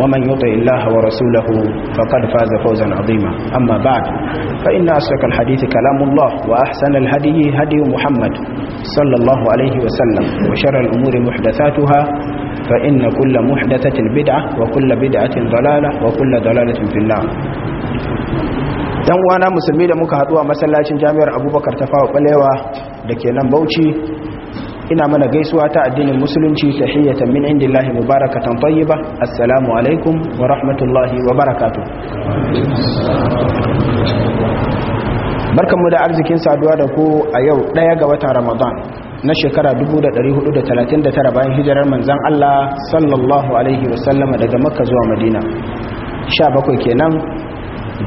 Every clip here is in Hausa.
ومن يطع الله ورسوله فقد فاز فوزا عظيما أما بعد فإن أصدق الحديث كلام الله وأحسن الهدي هدي محمد صلى الله عليه وسلم وشر الأمور محدثاتها فإن كل محدثة بدعة وكل بدعة ضلالة وكل ضلالة في النار dan uwana musulmi da muka haɗu a masallacin jami'ar abubakar ta fawa ɓalewa da ke nan bauchi ina mana gaisuwa ta addinin musulunci tahiyatan min indillahi mubarakatan tayyiba assalamu alaikum wa rahmatullahi wa barakatuh barkanmu da arzikin saduwa da ku a yau ɗaya ga watan ramadan na shekara 1439 bayan hijirar manzan Allah sallallahu alaihi wasallama daga makka zuwa madina 17 kenan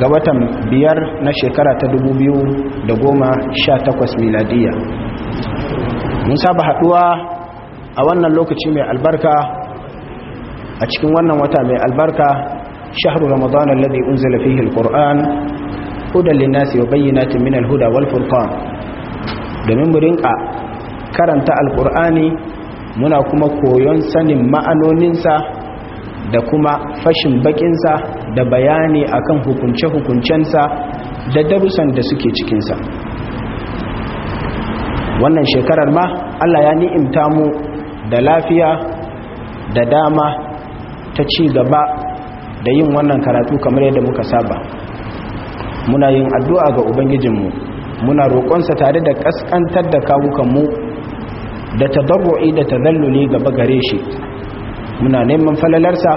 ga watan biyar na shekara ta 2018 miladiya mun saba haduwa a wannan lokaci mai albarka a cikin wannan wata mai albarka shahru ramadan alladhi unzila fihi alquran hudan linnasi wa bayyinatin min alhuda wal furqan domin mu rinka karanta alqurani muna kuma koyon sanin ma'anoninsa da kuma fashin bakinsa da bayani akan hukunce-hukuncensa da darussan da suke cikinsa wannan shekarar ma Allah ya ni'imta mu da lafiya da dama ta ci gaba da yin wannan karatu kamar yadda muka saba muna yin addu'a ga ubangijinmu muna roƙonsa tare da ƙasƙantar da kawukanmu da tadarru'i da tazalluli gaba gare shi muna neman falalarsa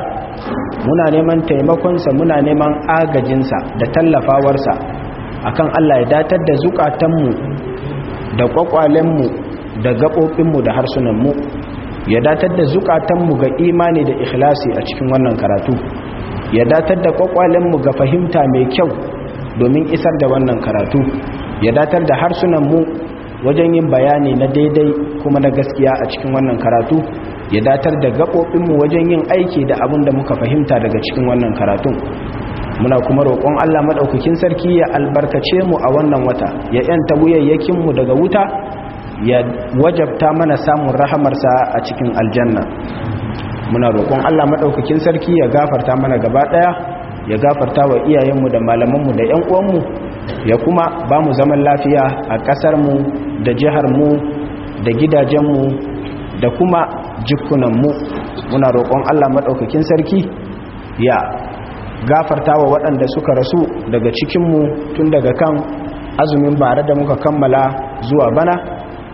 muna neman taimakonsa muna neman agajinsa da tallafawarsa akan Allah ya datar da zukatanmu da kwakwalenmu da gaɓoɓinmu da harsunanmu ya datar da zukatanmu ga imani da ikhlasi a cikin wannan karatu ya datar da kwakwalenmu ga fahimta mai kyau domin isar da wannan karatu ya datar da harsunanmu wajen yin bayani na daidai kuma na gaskiya a cikin wannan karatu ya datar da gaɓoɓinmu wajen yin aiki da abin da muka fahimta daga cikin wannan karatun muna kuma roƙon Allah maɗaukakin sarki ya albarkace mu a wannan wata ya ƴanta wuyayyakin mu daga wuta ya wajabta mana samun rahamarsa a cikin aljanna muna roƙon Allah maɗaukakin sarki ya gafarta mana gaba daya ya gafarta wa iyayenmu da malamanmu da ƴan uwanmu ya kuma ba mu zaman lafiya a mu da jihar mu da gidajenmu da kuma jikunanmu muna roƙon Allah maɗaukakin sarki ya gafarta wa waɗanda suka rasu daga cikinmu tun daga kan azumin bare da muka kammala zuwa bana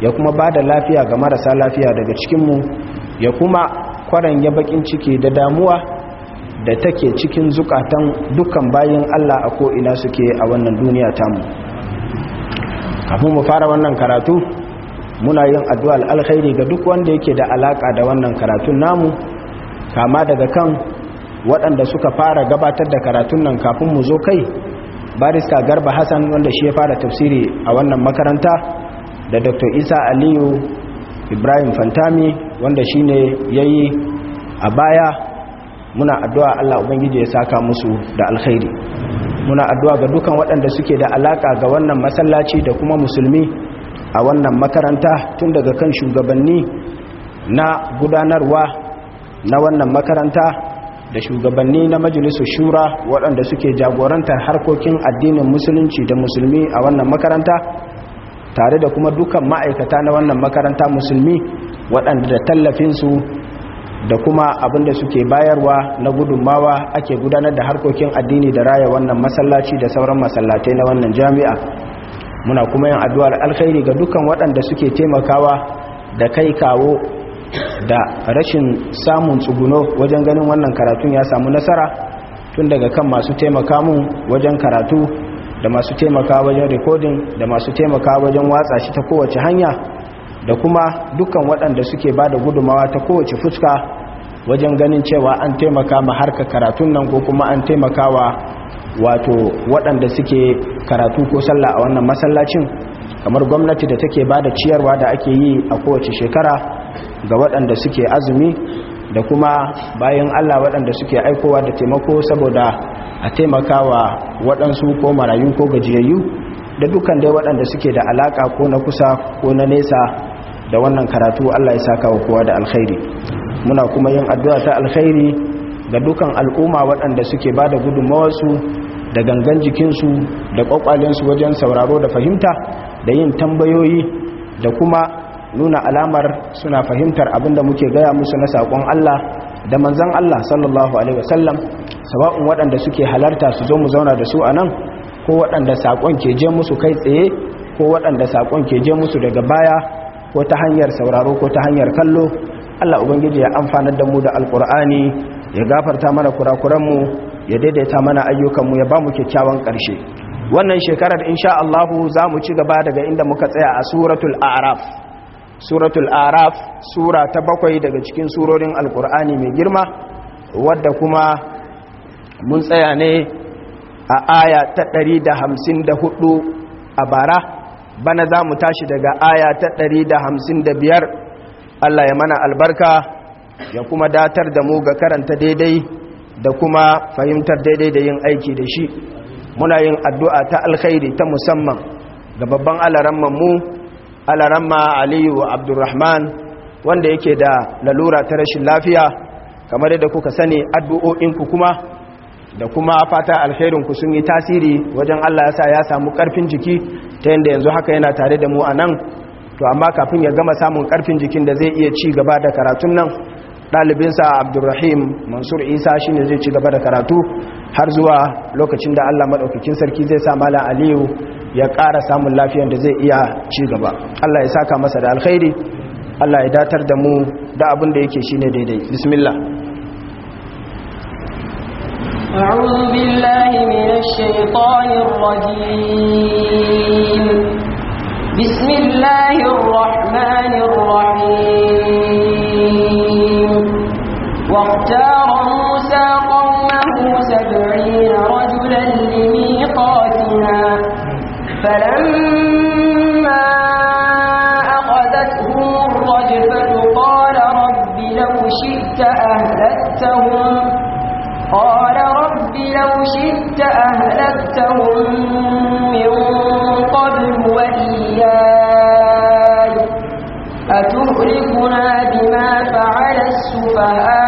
ya kuma ba da lafiya ga marasa lafiya daga cikinmu ya kuma kwaran ya bakin ciki da damuwa da take cikin zukatan dukkan bayan Allah a ko'ina suke a wannan duniya tamu kafin mu fara wannan karatu muna yin addu'a alkhairi ga duk wanda yake da alaka da wannan karatun namu kama daga kan waɗanda suka fara gabatar da karatun nan kafin mu zo kai barista garba hassan wanda shi ya fara tafsiri a wannan makaranta da dr isa aliyu ibrahim fantami wanda shi ne ya yi a baya muna addu'a allah ubangiji ya saka musu da alkhairi muna addu'a ga dukan waɗanda suke da alaƙa ga wannan masallaci da kuma musulmi a wannan makaranta tun daga kan shugabanni na gudanarwa na wannan makaranta da shugabanni na majalisar shura waɗanda suke jagorantar harkokin addinin musulunci da musulmi a wannan makaranta tare da kuma dukkan ma'aikata na wannan makaranta musulmi waɗanda da tallafinsu da kuma abin da suke bayarwa na gudunmawa ake gudanar da harkokin addini da raya wannan masallaci da sauran masallatai na wannan jami'a muna kuma yin addu'ar alkhairi ga dukkan waɗanda suke taimakawa da kai kawo da rashin samun tsuguno wajen ganin wannan karatun ya samu nasara tun daga kan masu taimaka mun wajen karatu da masu taimaka wajen rikodin da masu taimaka wajen watsa shi ta kowace hanya da kuma dukkan waɗanda suke ba da gudumawa ta kowace fuska wajen ganin cewa an taimaka ma harka karatun nan ko kuma an taimakawa wato waɗanda suke karatu ko sallah a wannan masallacin kamar gwamnati da take ba da ciyarwa da ake yi a kowace shekara ga waɗanda suke azumi da kuma bayan Allah waɗanda suke aikowa da taimako saboda a taimakawa waɗansu ko marayu ko gajiyayyu da dukkan dai waɗanda suke da alaƙa ko na kusa ko na nesa da wannan karatu Allah ya saka wa kowa da alkhairi muna kuma yin addu'a ta alkhairi ga dukan al'umma waɗanda suke ba da gudunmawarsu da gangan jikinsu da ƙwaƙwalensu wajen sauraro da fahimta da yin tambayoyi da kuma nuna alamar suna fahimtar abinda muke gaya musu na sakon Allah da manzan Allah sallallahu alaihi wasallam sawa'un waɗanda suke halarta su zo mu zauna da su a nan ko waɗanda sakon ke je musu kai tsaye ko waɗanda sakon ke je musu daga baya ko ta hanyar sauraro ko ta hanyar kallo Allah ubangiji ya amfana da mu da alkur'ani ya gafarta mana mu ya daidaita mana ayyukan mu ya ba mu kyakkyawan ƙarshe wannan shekarar insha Allah za mu ci gaba daga inda muka tsaya a suratul a'raf suratul araf sura ta bakwai daga cikin surorin alkur'ani mai girma wadda kuma mun tsaya ne a aya ta 154 a bara bana za mu tashi daga aya ta da biyar. allah ya mana albarka ya kuma datar da mu ga karanta daidai da kuma fahimtar daidai da yin aiki da shi muna yin addu'a ta alkhairi ta musamman ga babban alaramman mu alaramma aliyu abdurrahman wanda yake da lalura ta rashin lafiya kamar yadda kuka sani addu'o'inku kuma da kuma fata ku sun yi tasiri wajen allah ya sa ya samu karfin jiki ta yadda yanzu haka yana tare da mu a nan to amma kafin ya gama samun karfin jikin da zai iya ci gaba da karatun nan ɗalibinsa abdurrahim mansur isa shi ne zai ci gaba da karatu har zuwa lokacin da allah maɗaukakin sarki zai sa malam aliyu ya ƙara samun lafiyar da zai iya ci gaba Allah ya saka masa da alkhairi Allah ya datar da mu da abin da yake shine daidai bismillah أعوذ بالله من الشيطان الرجيم بسم الله الرحمن فلما أخذتهم الرجفة قال رب لو شئت أهلكتهم قال رب لو شئت أهلكتهم من قبل وإياي أتهلكنا بما فعل السفهاء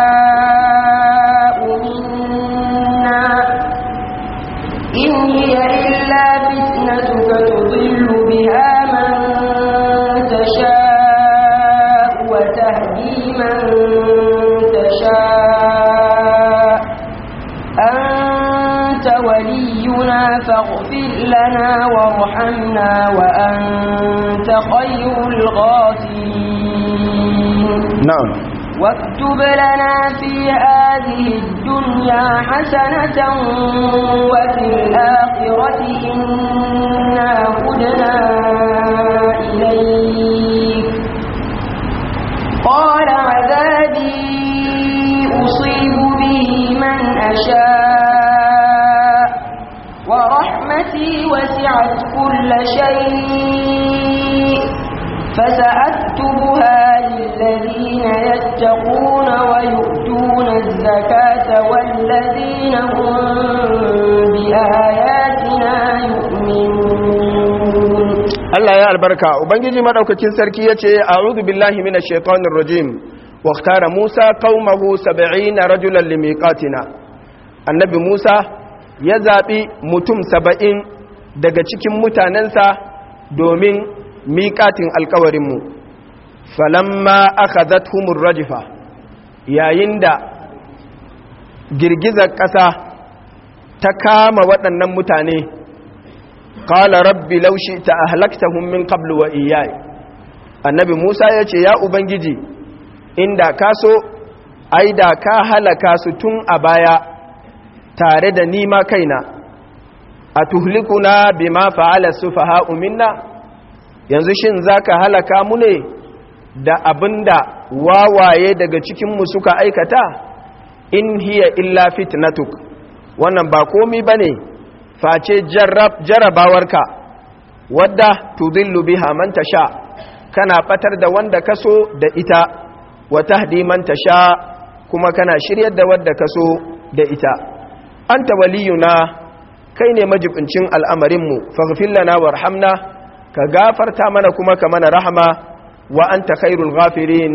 علينا وأنت خير الغاسلين نعم واكتب لنا في هذه الدنيا حسنة وفي الآخرة إنا هدنا إليك قال عذابي أصيب به من أشاء رحمتي وسعت كل شيء فسأكتبها للذين يتقون ويؤتون الزكاة والذين هم بآياتنا يؤمنون الله يا البركة وبنجي ما دوكين سركي يتي أعوذ بالله من الشيطان الرجيم واختار موسى قومه سبعين رجلا لميقاتنا النبي موسى ya zaɓi mutum saba'in daga cikin mutanensa domin miƙatin alkawarinmu falamma aka zatuhumar rajifa yayin da girgizar ƙasa ta kama waɗannan mutane ƙala rabbi laushi ta ahalakta min qablu wa annabi musa ya ce ya ubangiji inda ka so ai da ka halaka su tun a baya tare da ni ma kaina a tuhlikuna bima fa'ala sufaha'u minna yanzu shin zaka halaka mu ne da abinda wawaye daga cikin mu suka aikata in hiya illa fitnatuk wannan ba komi bane face jarab jarabawarka wadda tudillu biha man tasha kana fatar da wanda kaso da ita wa tahdi man tasha kuma kana shiryar da wanda kaso da ita anta waliyuna kai ne majibincin al'amarinmu faghfir warhamna ka gafarta mana kuma ka mana rahama wa anta khairul ghafirin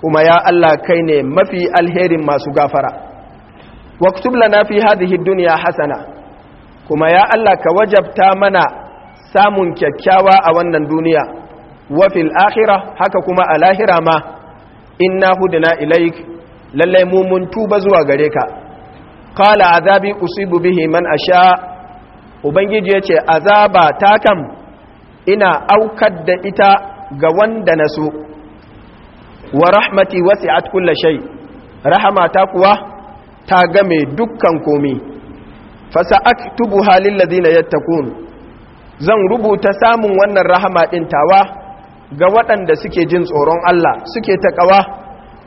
kuma ya Allah kai ne mafi alherin masu gafara waktub lana fi hadhihi dunya hasana kuma ya Allah ka wajabta mana samun kyakkyawa a wannan duniya wa fil akhirah haka kuma a lahira ma inna hudna ilaik lallai mu mun tuba zuwa gare ka kala azabi usibu bihi man asha ubangiji ya ce azaba ta kam ina aukar da ita ga wanda na so wa rahmati wasi'at kulla shay rahama ta kuwa ta game dukkan komi fasa'aktubuha lil ladina yattaqun zan rubuta samun wannan rahama ɗin tawa ga waɗanda suke jin tsoron Allah suke taƙawa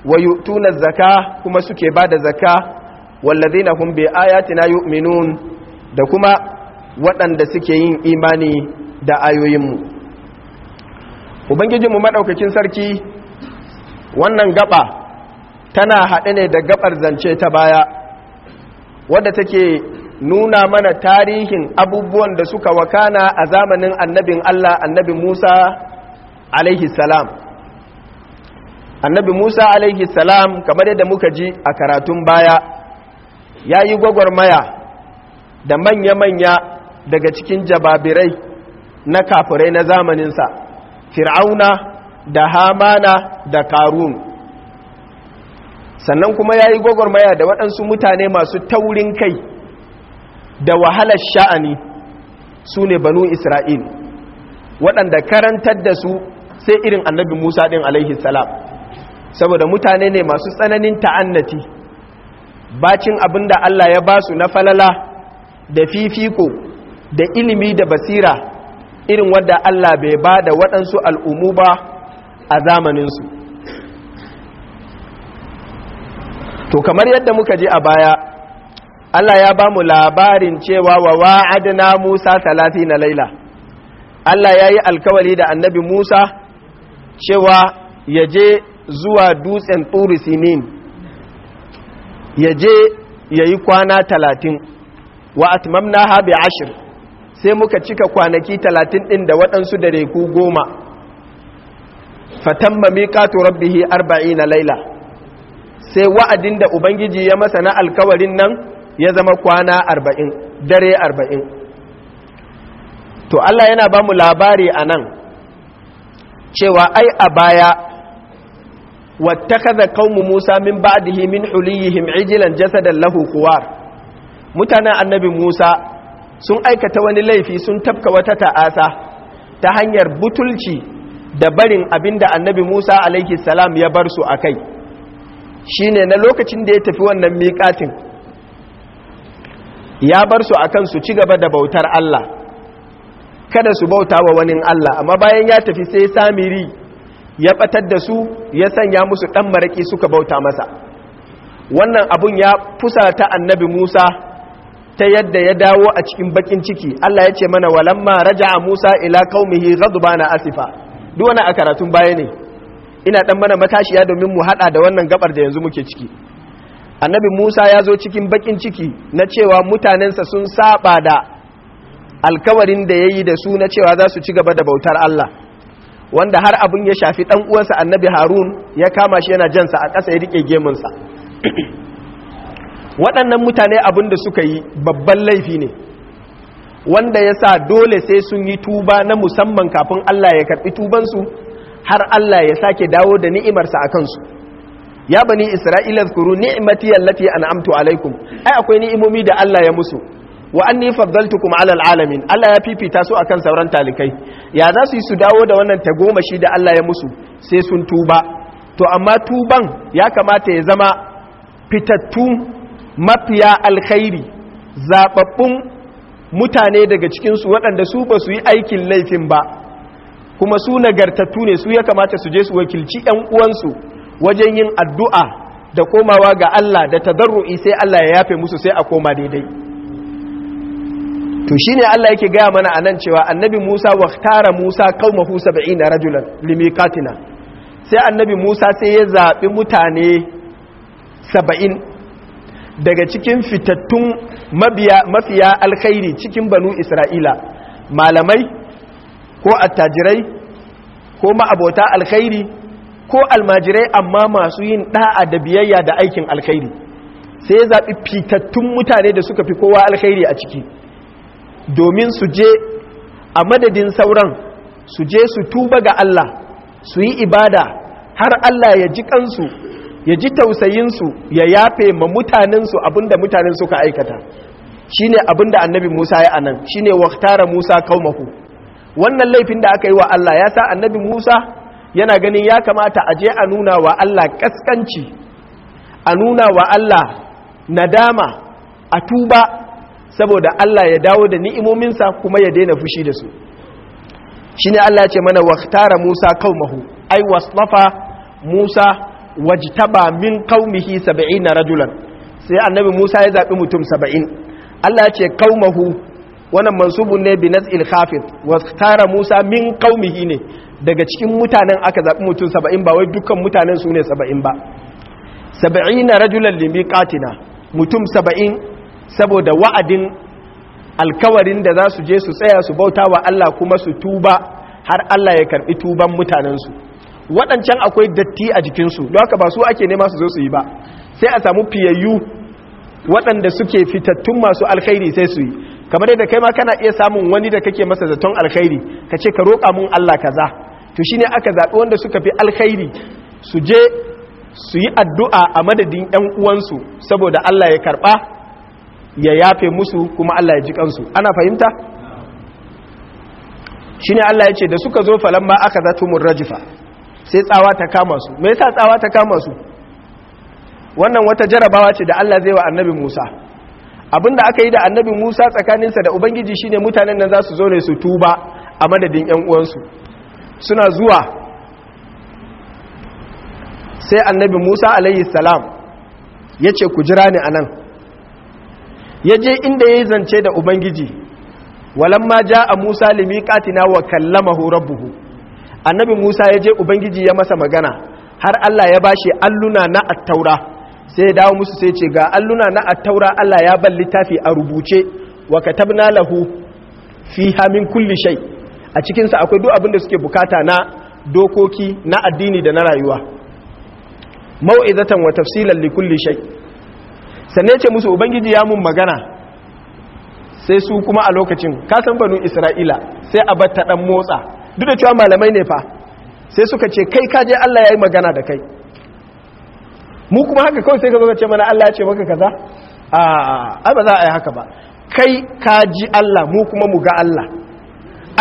wa yutuna zaka kuma suke bada da zaka wallazina hum bi ayatina yu'minun da kuma waɗanda suke yin imani da ayoyinmu ubangijinmu madaukakin sarki wannan gaba tana haɗe ne da gabar zance ta baya wadda take nuna mana tarihin abubuwan da suka wakana a zamanin annabin Allah annabi Musa alaihi salam annabi Musa alaihi salam kamar yadda muka ji a karatun baya ya yi gwagwarmaya da manya-manya daga cikin jababirai na kafirai na zamaninsa fir'auna da hamana da karun sannan kuma ya yi gwagwarmaya da waɗansu mutane masu taurin kai da wahalar sha'ani su ne banu isra'il waɗanda karantar da su sai irin annabi musa ɗin alaihi salam saboda mutane ne masu tsananin ta'annati bacin abin da Allah ya ba su na falala da fifiko da ilimi da basira irin wadda Allah bai ba da waɗansu al'umu ba a zamaninsu to kamar yadda muka ji a baya Allah ya ba mu labarin cewa wa wa'adna Musa talati na laila Allah ya yi alkawari da annabi Musa cewa ya je zuwa dutsen turisinin ya je ya yi kwana talatin wa atmamna ha bi ashir sai muka cika kwanaki talatin ɗin da waɗansu da reku goma fatamma miƙatu rabbihi arba'i na laila sai wa'adin da ubangiji ya masa na alkawarin nan ya zama kwana arba'in dare arba'in to Allah yana ba mu labari a nan cewa ai a baya wattakaza qaumu Musa min ba'dihi min huliyihim ijlan jasadan lahu quwar mutanen annabi Musa sun aikata wani laifi sun tafka wata ta'asa ta hanyar butulci da barin abinda annabi Musa alaihi salam ya bar su akai shine na lokacin da ya tafi wannan miƙatin ya bar su kan su ci gaba da bautar Allah kada su bauta wa wani Allah amma bayan ya tafi sai samiri ya batar da su ya sanya musu ɗan maraki suka bauta masa wannan abun ya fusata annabi Musa ta yadda ya dawo a cikin bakin ciki Allah ya ce mana walamma a Musa ila qaumihi na asifa duk a karatun baya ne ina ɗan mana matashiya domin mu haɗa da wannan gabar da yanzu muke ciki annabi Musa ya zo cikin bakin ciki na cewa mutanensa sun saba da alkawarin da yayi da su na cewa za su ci gaba da bautar Allah wanda har abin ya shafi ɗan uwansa annabi harun ya kama shi yana jansa a ƙasa ya rike gemunsa waɗannan mutane abin da suka yi babban laifi ne wanda ya sa dole sai sun yi tuba na musamman kafin allah ya karɓi tubansu har allah ya sake dawo da ni'imarsa a kansu ya bani isra'ila ni'imati yallafi an amtu alaikum ai akwai ni'imomi da allah ya musu wa anni kuma ala alalamin Allah ya fifita su akan sauran talikai ya za su yi su dawo da wannan tagomashi da Allah ya musu sai sun tuba to amma tuban ya kamata ya zama fitattu mafiya alkhairi zababbun mutane daga cikin su waɗanda su ba su yi aikin laifin ba kuma su nagartattu ne su ya kamata su je su wakilci ƴan uwansu wajen yin addu'a da komawa ga Allah da tadarru'i sai Allah ya yafe musu sai a koma daidai to shine Allah yake gaya mana a nan cewa annabi Musa tara Musa qaumahu 70 rajulan limikatina sai annabi Musa sai ya zaɓi mutane 70 daga cikin fitattun mafiya alkhairi cikin banu Isra'ila malamai ko attajirai ko ma'abota alkhairi ko almajirai amma masu yin ɗa'a da biyayya da aikin alkhairi sai ya zaɓi fitattun mutane da suka fi kowa alkhairi a ciki domin su je a madadin sauran su je su tuba ga Allah su yi ibada har Allah ya ji kansu ya ji tausayinsu ya yafe ma mutanensu abinda mutanen suka aikata shine abinda annabi Musa ya anan shine waktara Musa kaumahu wannan laifin da aka yi wa Allah ya sa annabi Musa yana ganin ya kamata a je a nuna wa Allah kaskanci a nuna wa Allah nadama a tuba saboda Allah ya dawo da ni'imominsa kuma ya daina fushi da su ne Allah ya ce mana waktara Musa qaumahu ai waslafa Musa wajtaba min saba'in na rajulan sai annabi Musa ya zaɓi mutum saba'in. Allah ya ce qaumahu wannan mansubun ne bi nazil khafid Musa min qaumihi ne daga cikin mutanen aka zaɓi mutum saba'in ba wai dukkan mutanen su ne Saba'in ba 70 rajulan katina mutum saba'in. saboda wa'adin alkawarin da za su je su tsaya su bauta wa Allah kuma su tuba har Allah ya karɓi tuban mutanensu waɗancan akwai datti a jikinsu don haka ba su ake nema su zo su yi ba sai a samu fiyayyu waɗanda suke fitattun masu alkhairi sai su yi kamar yadda kai ma kana iya samun wani da kake masa zaton alkhairi ka ce ka roƙa mun Allah kaza to ne aka zaɓi wanda suka fi alkhairi su je su yi addu'a a madadin ‘yan uwansu saboda Allah ya karɓa ya yafe musu kuma Allah ya ji kansu ana fahimta shine Allah ya ce da suka zo ba aka mun rajifa sai tsawa ta kama su me yasa tsawa ta kama su wannan wata jarabawa ce da Allah zai wa annabi Musa abinda aka yi da annabi Musa tsakaninsa da ubangiji shine mutanen nan za su zo ne su tuba a madadin yan uwansu suna zuwa sai annabi Musa alayhi salam yace ku jira ni anan ya je inda ya yi zance da ubangiji ma ja a musa limi katina wa kallamahu buhu annabi musa ya je ubangiji ya masa magana har allah ya bashi alluna na attaura sai ya dawo musu sai ce ga alluna na attaura allah ya bar littafi a rubuce wa katabna lahu fi hamin kulli shai a cikinsa akwai duk abin da suke bukata na dokoki na addini da na rayuwa mau'izatan wa tafsilan li kulli sannan ya ce musu ubangiji ya mun magana sai su kuma a lokacin kasan banu isra'ila sai a bata dan motsa duk da cewa malamai ne fa sai suka ce kai kaje Allah ya yi magana da kai mu kuma haka kawai sai ka zo ce mana Allah ya ce maka kaza a ba za a yi haka ba kai kaji Allah mu kuma mu ga Allah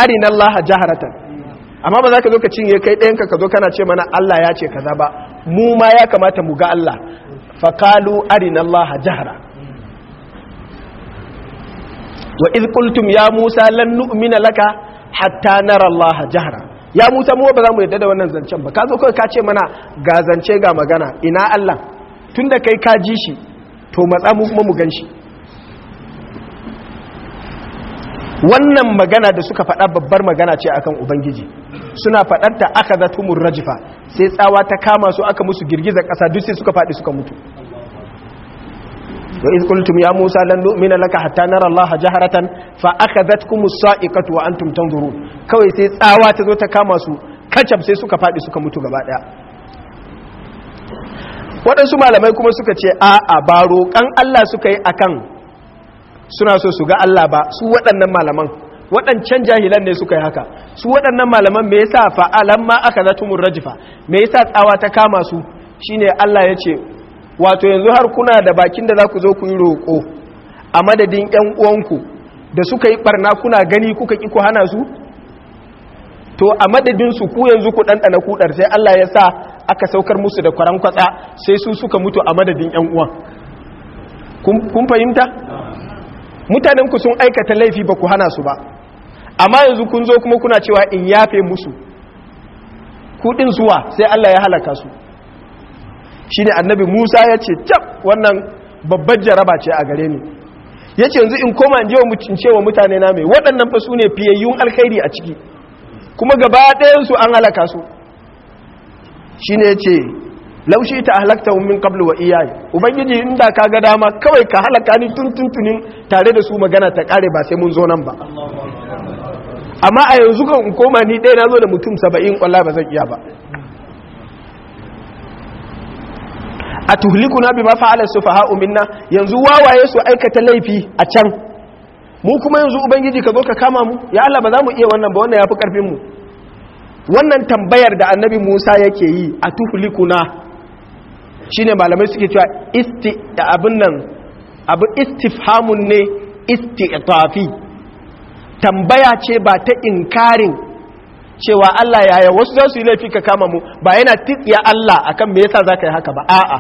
arinan laha jaharatan amma ba za ka zo ka cinye kai ɗayanka ka zo kana ce mana Allah ya ce kaza ba mu ma ya kamata mu ga Allah fakalu arina Allah jahra wa idh ya Musa lan nu'mina laka hatta nara Allah ya Musa mu ba za mu yadda da wannan zancen ba ka zo ka ce mana ga zance ga magana ina Allah tunda kai ka ji shi to matsa mu kuma mu gan shi wannan magana da suka faɗa babbar magana ce akan ubangiji suna faɗarta aka za tumur rajifa sai tsawa ta kama su aka musu girgizar ƙasa duk sai suka faɗi suka mutu wa iz qultum ya musa lan nu'mina laka hatta nara allaha jaharatan fa akhadhatkum as-sa'iqatu wa antum tanzurun kawai sai tsawa ta zo ta kama su kacab sai suka faɗi suka mutu gaba ɗaya waɗansu malamai kuma suka ce a ba roƙan Allah suka yi akan suna so su ga Allah ba su waɗannan malaman waɗancan jahilan ne suka yi haka su waɗannan malaman me yasa fa'alan ma aka zatumun rajifa me yasa tsawa ta kama su shine Allah ya ce wato yanzu har kuna da bakin da za ku zo ku yi roƙo a madadin ƴan uwanku da suka yi ɓarna kuna gani kuka ki ku hana su to a madadin su ku yanzu ku ɗanɗana kuɗar sai Allah ya sa aka saukar musu da kwaran kwatsa sai su suka mutu a madadin ƴan uwan kun fahimta mutanenku sun aikata laifi ba ku hana su ba amma yanzu kun zo kuma kuna cewa in yafe musu kudin zuwa sai Allah ya halaka su shine annabi Musa ya ce tab wannan babbar jaraba ce a gare ni yace yanzu in koma in je ce wa mutane na me waɗannan fa sune fiyayyun alkhairi a ciki kuma gaba ɗayan su an halaka su shine yace laushi ta halakta min qablu wa iyai ubangiji inda ka ga dama kawai ka halaka ni tun tunin tare da su magana ta kare ba sai mun zo nan ba amma a yanzu kan in koma ni ɗaya na zo da mutum saba'in wallahi ba zan iya ba a ma fa'alar su faha umarna yanzu wawaye su aikata laifi a can mu kuma yanzu ubangiji ka zo ka kama mu ya Allah ba za mu iya wannan ba wannan ya fi ƙarfinmu. wannan tambayar da annabi Musa yake yi a tuhlikuna shine malamai suke cewa isti abin nan abu istifhamun ne isti'tafi tambaya ce ba ta inkarin cewa Allah ya yaya wasu za su yi laifi ka kama mu ba yana ya Allah akan me yasa zaka yi haka ba a'a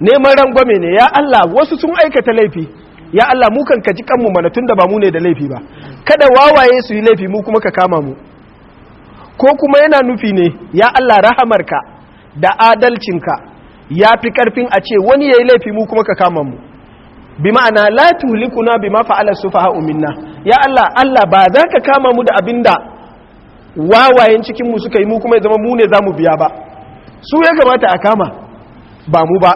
neman rangwame ne ya Allah wasu sun aikata laifi ya Allah mu kan kaji kanmu mana tunda ba mu ne da laifi ba kada wawaye su yi laifi mu kuma ka kama mu ko kuma yana nufi ne ya Allah rahamarka da adalcinka ya fi karfin a ce wani ya yi laifi mu kuma ka kama mu bi ma'ana la tuhlikuna bima fa'ala sufaha umminna ya Allah Allah ba za ka kama mu da abinda wawayen cikin mu suka yi mu kuma ya zama mu ne zamu biya ba su ya kamata a kama ba mu ba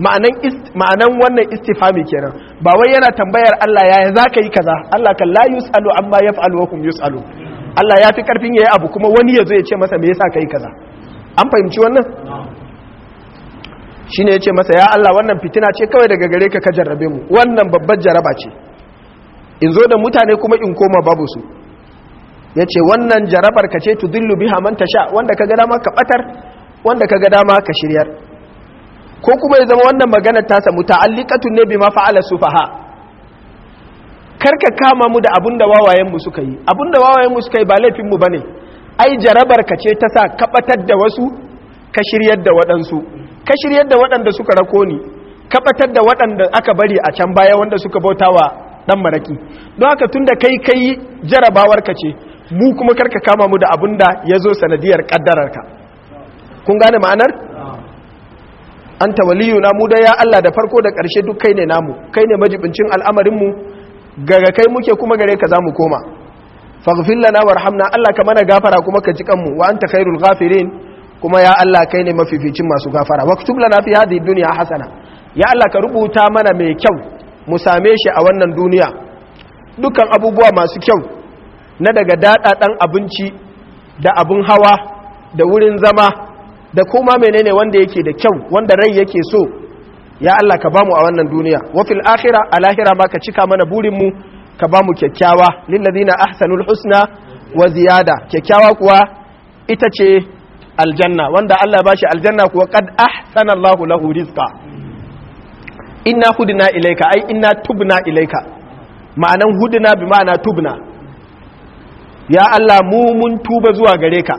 ma'anan ma'anan wannan istifami kenan ba wai yana tambayar Allah ya za ka yi kaza Allah kan la yusalu amma yaf'alu wa hum yusalu Allah ya fi karfin yayi abu kuma wani yazo ya ce masa me yasa kai kaza an fahimci wannan shi ya ce masa ya Allah wannan fitina ce kawai daga gare ka ka jarrabe mu wannan babbar jaraba ce in zo da mutane kuma in koma babu su ce wannan jarabar ka ce tudillu biha man tasha wanda ka ga dama ka batar wanda ka ga dama ka shiryar ko kuma ya zama wannan magana ta samu ta'alliqatun ne bima fa'ala sufaha karka kama mu da abun da wawayen mu suka yi abun da wawayen mu suka yi ba laifin mu bane ai jarabar ka ce ta sa ka batar da wasu ka shiryar da waɗansu ka shiryar da waɗanda suka rako ni ka batar da waɗanda aka bari a can baya wanda suka bauta wa ɗan maraki don haka tun da kai kai jarabawar ka ce mu kuma karka kama mu da abin da ya zo sanadiyar ka kun gane ma'anar an tawaliyu na mu da ya Allah da farko da ƙarshe duk kai ne namu kai ne majibincin al'amarinmu gaga kai muke kuma gare ka za mu koma faghfir lana warhamna Allah ka mana gafara kuma ka ji kanmu wa anta khairul ghafirin kuma ya Allah kai ne mafificin masu gafara waktub lana fi hadhihi dunya hasana ya Allah ka rubuta mana mai kyau mu same shi a wannan duniya dukan abubuwa masu kyau na daga dada dan abinci da abun hawa da wurin zama da kuma menene wanda yake da kyau wanda rai yake so ya Allah ka bamu a wannan duniya wa fil akhirah alahira ma ka cika mana burin mu ka bamu kyakkyawa lil ladina ahsanul husna wa ziyada kyakkyawa kuwa ita ce aljanna wanda Allah ba shi aljanna kuwa kad ahsana Allahu lahu rizqa inna hudna ilayka ai inna tubna ilayka ma'anan hudna bi ma'ana tubna ya Allah mu mun tuba zuwa gare ka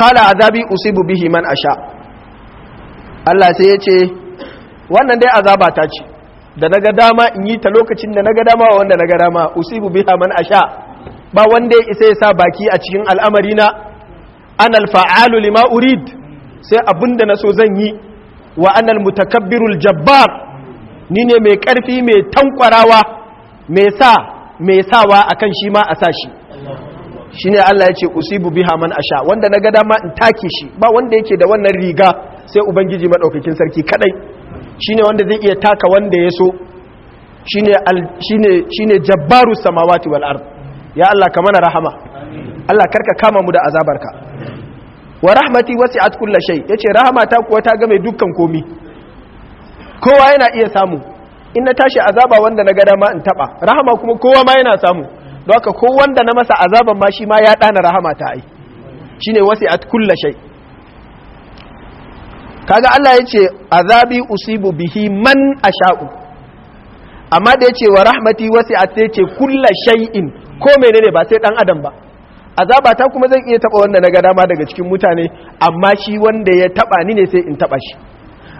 qala azabi usibu bihi man asha Allah sai ya ce wannan dai azaba ta ce da naga dama in yi ta lokacin da naga dama wanda naga dama usibu biha man asha ba wanda ya isa ya sa baki a cikin al'amarina anal alfa’alu lima urid sai da na so zan yi wa anal mutakabbirul jabbar ni ne mai karfi mai tankwarawa mai sa mai sawa a kan shi ma a sa shi Shi ne Allah ya ce usibu biha man asha wanda na gada ma in take shi ba wanda yake da wannan riga sai ubangiji maɗaukakin sarki kadai ne wanda zai iya taka wanda ya so shi ne Jabbaru samawati wal ard ya Allah ka mana rahama Allah karka kama mu da azabarka wa rahmati wasi'at kulli ya yace ta kuwa ta game dukkan komi kowa yana iya samu in na tashi azaba wanda na ga ma in taba rahama kuma kowa ma yana samu don haka ko wanda na masa azaban ma shi ma ya dana rahama ta ai shine wasi'at kulli shay kaga Allah yace azabi usibu bihi man asha'u amma da yace wa rahmati wasi'at yace kulli shay'in ko ne ba sai dan adam ba azaba ta kuma zan iya taba wanda na ga dama daga cikin mutane amma shi wanda ya taba ni ne sai in taba shi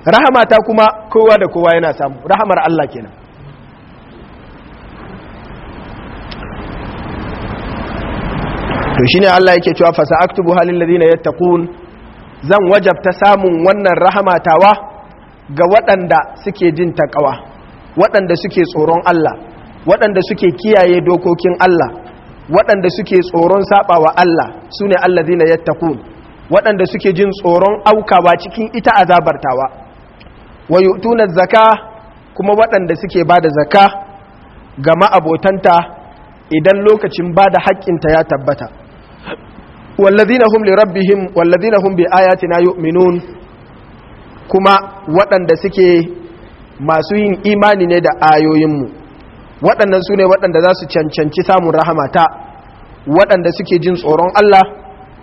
rahama ta kuma kowa da kowa yana samu rahamar Allah kenan to shine Allah yake cewa fasa aktubu halil ladina yattaqun zan wajabta samun wannan rahama tawa ga waɗanda suke jin takawa waɗanda suke tsoron Allah waɗanda suke kiyaye dokokin Allah waɗanda suke tsoron saba wa Allah su ne allazina yattaqun waɗanda suke jin tsoron aukawa cikin ita azabartawa wa tunar zaka kuma waɗanda suke ba da zaka ga ma'abotanta idan lokacin ba da haƙƙinta ya tabbata wallazina hum li rabbihim wallazina hum bi yu'minun kuma waɗanda suke masu yin imani ne da ayoyinmu waɗannan su ne waɗanda za su cancanci samun rahama ta waɗanda suke jin tsoron Allah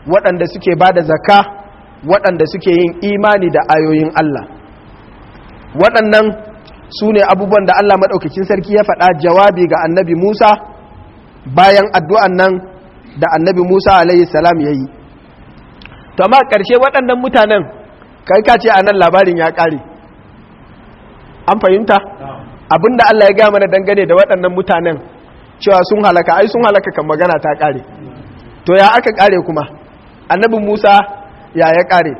waɗanda suke ba da zaka waɗanda suke yin imani da ayoyin Allah waɗannan su ne abubuwan da Allah maɗaukacin sarki ya faɗa jawabi ga annabi Musa bayan addu'an nan da annabi Musa alayhi salam ya yi. To, ma ƙarshe waɗannan mutanen kai ka ce a nan labarin ya ƙare, an fahimta? Abin da Allah ya gaya mana dangane da waɗannan mutanen cewa sun halaka ai sun halaka kan magana ta ƙare. to ya aka ƙare kuma annabi Musa ya ya kare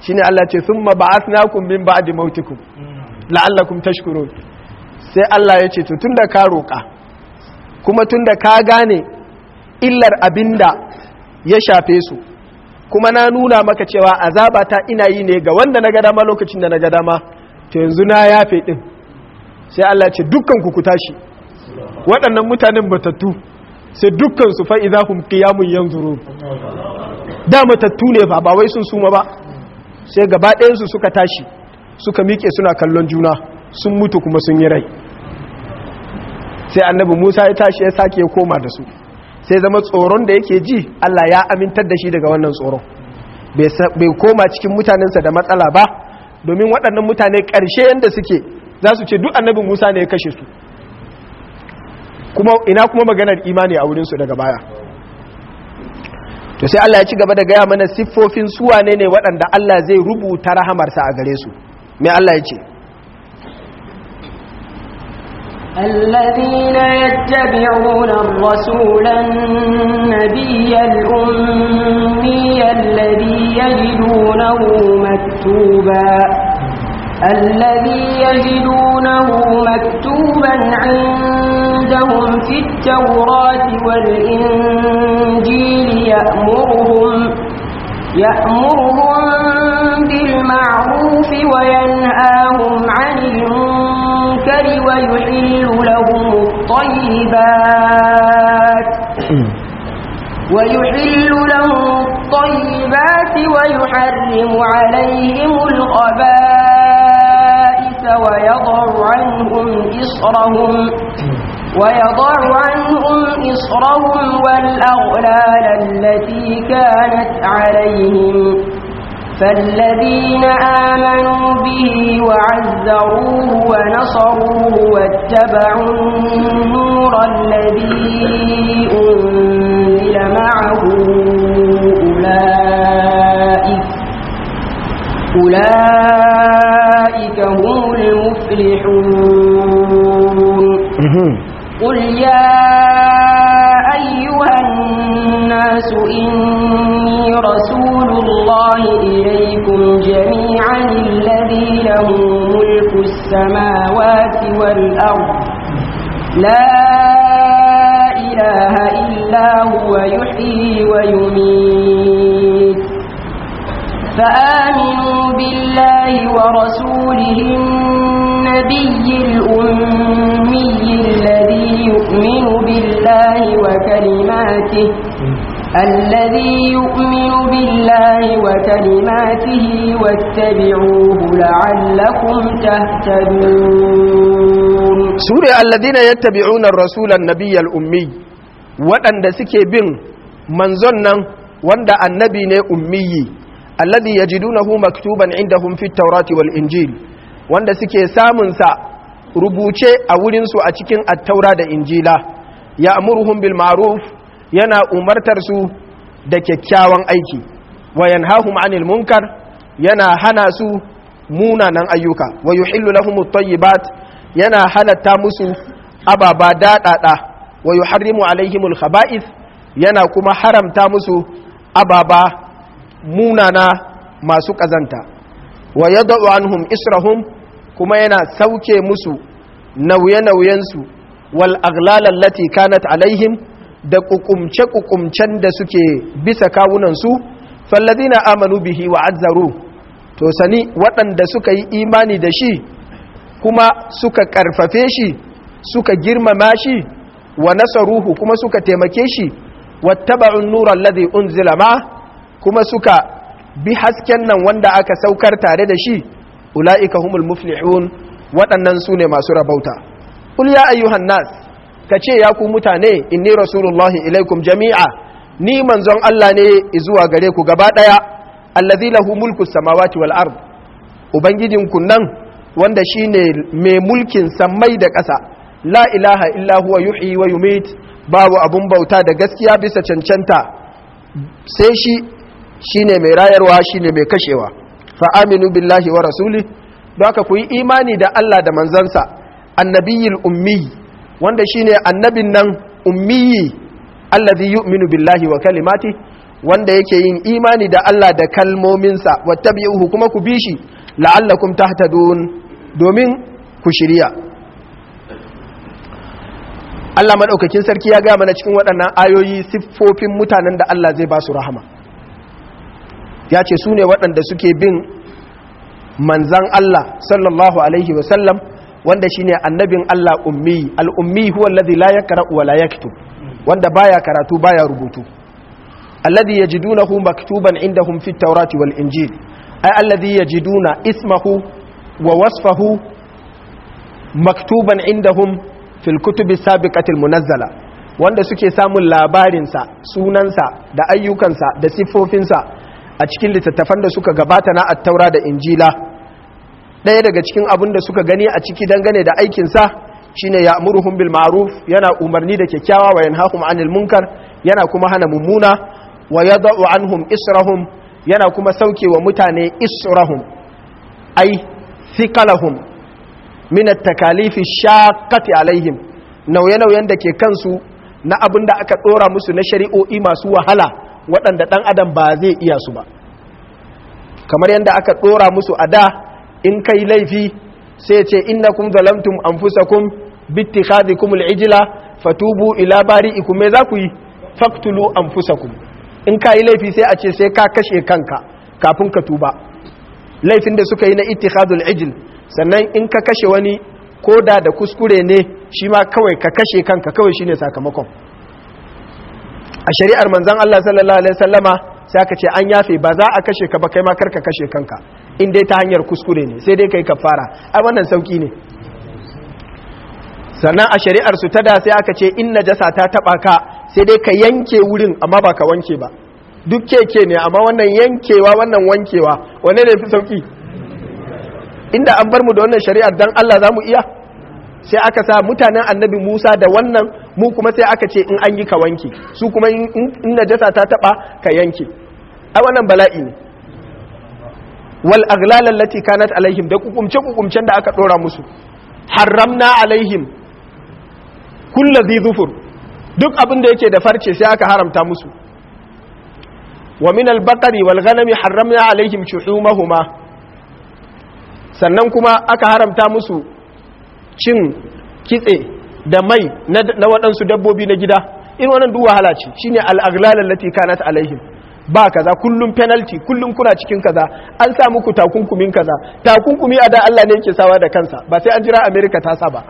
shine Allah ce sun thumma ba'athnakum ba a mautikum la'allakum tashkurun sai Allah ya ce to da ka roƙa kuma tun da ka gane illar abin da ya shafe su kuma na nuna maka cewa azabata ina yi ne ga wanda na ga dama lokacin da na ga dama to yanzu na yafe ɗin. sai Allah ce dukkan ku tashi waɗannan mutanen batattu sai dukkan su fa idza hum qiyamun yanzuru da matattu ne ba ba wai sun suma ba sai gaba ɗayan suka tashi suka miƙe suna kallon juna sun mutu kuma sun yi rai sai annabi Musa ya tashi ya sake ya koma da su sai zama tsoron da yake ji Allah ya amintar da shi daga wannan tsoron bai koma cikin mutanensa da matsala ba domin waɗannan mutane ƙarshe yadda suke za su ce duk annabin musa ne ya kashe su kuma ina kuma maganar imani a wurin wurinsu daga baya to sai Allah ya ci gaba da gaya mana siffofin suwa ne ne waɗanda Allah zai rubuta rahamarsa a gare su mai Allah ya ce الذين يتبعون الرسول النبي الأمي الذي يجدونه مكتوباً الذي يجدونه مكتوبا عندهم في التوراة والإنجيل يأمرهم يأمرهم بالمعروف وينهاهم عن المنكر ويحل لهم الطيبات ويحل لهم الطيبات ويحرم عليهم الخبائث ويضع عنهم إصرهم ويضع عنهم إصرهم والأغلال التي كانت عليهم فالذين آمنوا به وعزروه ونصروه واتبعوا النور الذي أنزل معه أولئك أولئك هم المفلحون قل يا أيها الناس إني رسول الله إليكم جميعا الذي له ملك السماوات والأرض لا إله إلا هو يحيي ويميت فآمنوا بالله ورسوله النبي الأمي الذي يؤمن بالله وكلماته الذي يؤمن بالله وكلماته واتبعوه لعلكم تهتدون سورة الذين يتبعون الرسول النبي الأمي وأن سكي بن منزلنا وأن النبي أمي alladhi yajidunahu maktuban indahum fit tawrati wal injil wanda suke samun sa rubuce a wurin su a cikin at-taura da injila ya'muruhum bil ma'ruf yana umartar su da kyakkyawan aiki wa yanhahum 'anil munkar yana hana su munanan ayyuka wa yuhillu lahum at-tayyibat yana halatta musu ababa dadada wa yuharrimu alaihimul khaba'ith yana kuma haramta musu ababa munana masu kazanta wa yadau anhum israhum kuma yana sauke musu nauye-nauyensu wal aghlalan lati kanat alaihim da ƙuƙumce-ƙuƙumcen da suke bisa kawunansu na amanu bihi wa azzaru to sani waɗanda suka yi imani da shi kuma suka ƙarfafe shi suka girmama shi wa nasaruhu kuma suka taimake shi wattaba'un nuran ladhi unzila ma kuma suka bi hasken nan wanda aka saukar tare da shi ula'ika humul muflihun waɗannan su ne masu rabauta qul ya ayyuhan nas kace ya ku mutane inni rasulullahi ilaikum jami'a ni manzon Allah ne zuwa gare ku gaba daya allazi lahu mulku samawati wal ard ubangijin ku nan wanda shine mai mulkin sammai da ƙasa la ilaha illa huwa yuhyi wa yumit babu abun bauta da gaskiya bisa cancanta sai shi shine mai rayarwa shine mai kashewa fa aminu billahi wa rasuli don haka ku yi imani da Allah da manzansa annabiyil ummi wanda shine annabin nan ummi allazi yu'minu billahi wa kalimati wanda yake yin imani da Allah da kalmominsa wattabi'uhu kuma ku bishi la'allakum tahtadun domin ku shirya Allah madaukakin sarki ya ga mana cikin waɗannan ayoyi siffofin mutanen da Allah zai ba su rahama ya ce su ne waɗanda suke bin manzan Allah sallallahu alaihi wasallam wanda shine annabin Allah ummi al huwa la wa la wanda baya karatu baya rubutu alladhi yajidunahu maktuban indahum fi at wal injil ay alladhi yajiduna ismahu wa wasfahu maktuban indahum fil kutubi sabiqati al-munazzala wanda suke samun labarinsa sunansa da ayyukansa da siffofinsa a cikin littattafan da suka gabata na attaura da injila ɗaya daga cikin abin da suka gani a ciki dangane da aikinsa shine ya amuruhum bil ma'ruf yana umarni da kyakkyawa wa yanhahum anil munkar yana kuma hana mummuna wa yada'u anhum israhum yana kuma sauke wa mutane israhum ai thiqalahum min at-takalifi shaqqati alaihim nauye-nauyen da ke kansu na abin da aka ɗora musu na shari'o'i masu wahala waɗanda ɗan adam ba zai iya su ba kamar yadda aka ɗora musu a da in kai laifi sai ce kun zalamtum anfusakum kuma al'ijla fatubu ila iku me za ku yi faktulu kun in kai laifi sai a ce sai ka kashe kanka kafin ka tuba laifin da suka yi na ittikhadul ijl sannan in ka kashe wani koda da kuskure ne shi ma kawai ka kashe kanka kawai shine sakamakon a shari'ar manzon Allah sallallahu alaihi wasallama sai aka ce an yafe ba za a kashe ka ba kai ma ka kashe kanka in dai ta hanyar kuskure ne sai dai kai kafara a wannan sauki ne sannan a shari'ar su tada sai aka ce in najasa ta taba ka sai dai ka yanke wurin amma ba ka wanke ba duk keke ne amma wannan yankewa wannan wankewa wanne ne fi sauki inda an bar mu da wannan shari'ar dan Allah za mu iya sai aka sa mutanen annabi Musa da wannan mu kuma sai aka ce in an yi ka wanke su kuma in najasa ta taba ka yanke ai wannan bala'i ne wal aghlal lati kanat alaihim da kukumce kukumcen da aka dora musu haramna alaihim kullu dhi zufur duk abin da yake da farce sai aka haramta musu wa min al baqari wal ghanami haramna alaihim shuhumahuma sannan kuma aka haramta musu cin kitse da mai na waɗansu dabbobi na gida in wannan duk wahala ce shine al-aghlal kanat alaihim ba kaza kullum penalty kullum kuna cikin kaza an sa muku takunkumin kaza takunkumi a da Allah ne yake sawa da kansa ba sai an jira America ta sa ba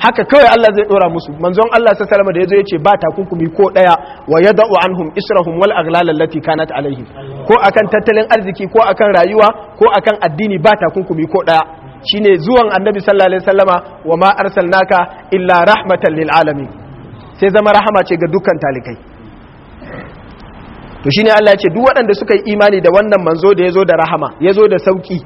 haka kawai Allah zai dora musu manzon Allah sa salama da yazo yace ba takunkumi ko daya wa yad'u anhum israhum wal aghlal allati kanat alaihim ko akan tattalin arziki ko akan rayuwa ko akan addini ba takunkumi ko daya shine zuwan annabi sallallahu alaihi wasallama wa ma arsalnaka illa rahmatan lil alamin sai zama rahama ce ga dukkan talikai to shine Allah ya ce duk waɗanda suka yi imani da wannan manzo da yazo da rahama yazo da sauki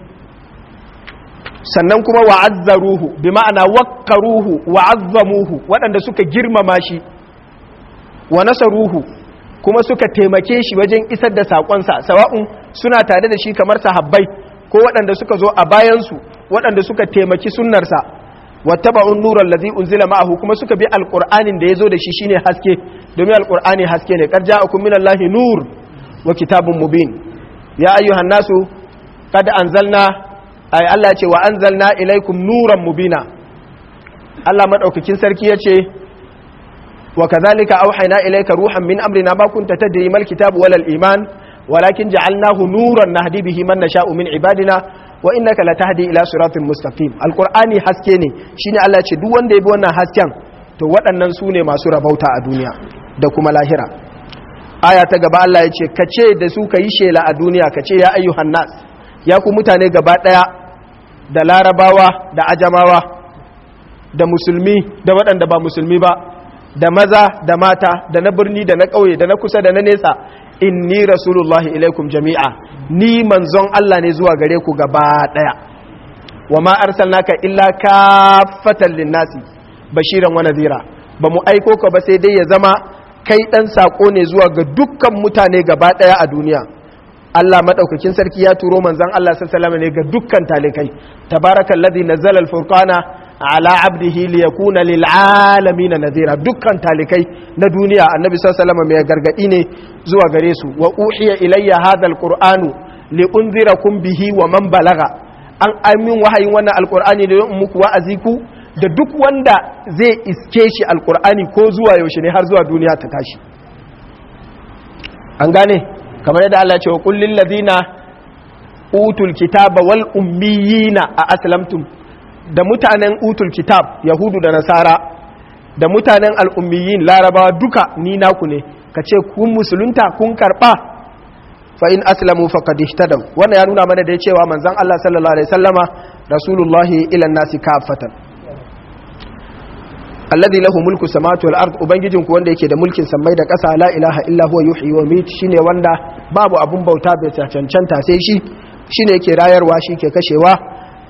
sannan kuma wa'azzaruhu bi ma'ana wakkaruhu wa'azzamuhu waɗanda suka girmama shi wa nasaruhu kuma suka taimake shi wajen isar da saƙonsa sawa'un suna tare da shi kamar sahabbai ko waɗanda suka zo a bayansu waɗanda suka taimaki sunnarsa wattaba'un nuran ladhi unzila ma'ahu kuma suka bi alƙur'anin da zo da shi shine haske domin alƙur'ani haske ne a ja'akum minallahi nur wa kitabun mubin ya ayyuhan nasu qad anzalna ay Allah ce wa anzalna ilaykum nuran mubina Allah madaukakin sarki ya ce wa kadhalika ilai ka ruhan min amrina ta da yi mal kitabu wal iman walakin ja'alnahu nuran nahdi bihi man nasha'u min ibadina wa innaka latahdi ila siratin mustaqim alqur'ani haske ne shine Allah ya ce duk wanda ya bi wannan hasken to waɗannan su ne masu rabauta a duniya da kuma lahira aya ta gaba Allah ya ce ka ce da su ka yi shela a duniya ka ce ya ayyuhan nas ya ku mutane gaba ɗaya da larabawa da ajamawa da musulmi da waɗanda ba musulmi ba da maza da mata da na birni da na ƙauye da na kusa da na nesa inni rasulullahi ilaikum jami'a ni manzon Allah ne zuwa gare ku gaba daya wa ma arsalnaka illa kaffatan linnasi bashiran wa nadhira ba mu aiko ka ba sai dai ya zama kai dan sako ne zuwa ga dukkan mutane gaba daya a duniya Allah madaukakin sarki ya turo manzon Allah sallallahu alaihi wasallam ne ga dukkan talikai tabarakal nazzala al-furqana ala abdihi li yakuna lil alamin nadhira dukkan talikai na duniya annabi sallallahu alaihi wasallam mai gargadi ne zuwa gare su wa uhiya ilayya hadha alquranu li unzirakum bihi wa man balaga an amin wahayin wannan alqurani da muku wa Aziku da duk wanda zai iske shi alqurani ko zuwa yaushe ne har zuwa duniya ta tashi an gane kamar yadda Allah ya ce wa kullil ladina utul kitaba wal ummiyina a aslamtum da mutanen utul kitab yahudu da nasara da mutanen al'ummiyin larabawa duka ni naku ne ka ce kun musulunta kun karɓa fa in aslamu faqad ihtadaw wannan ya nuna mana da cewa manzon Allah sallallahu alaihi wasallama rasulullahi ila nasi kafatan alladhi lahu mulku samawati wal ard ubangijin ku wanda yake da mulkin sammai da ƙasa la ilaha illa huwa yuhyi wa yumiit shine wanda babu abun bauta bai cancanta sai shi shine yake rayarwa shi ke kashewa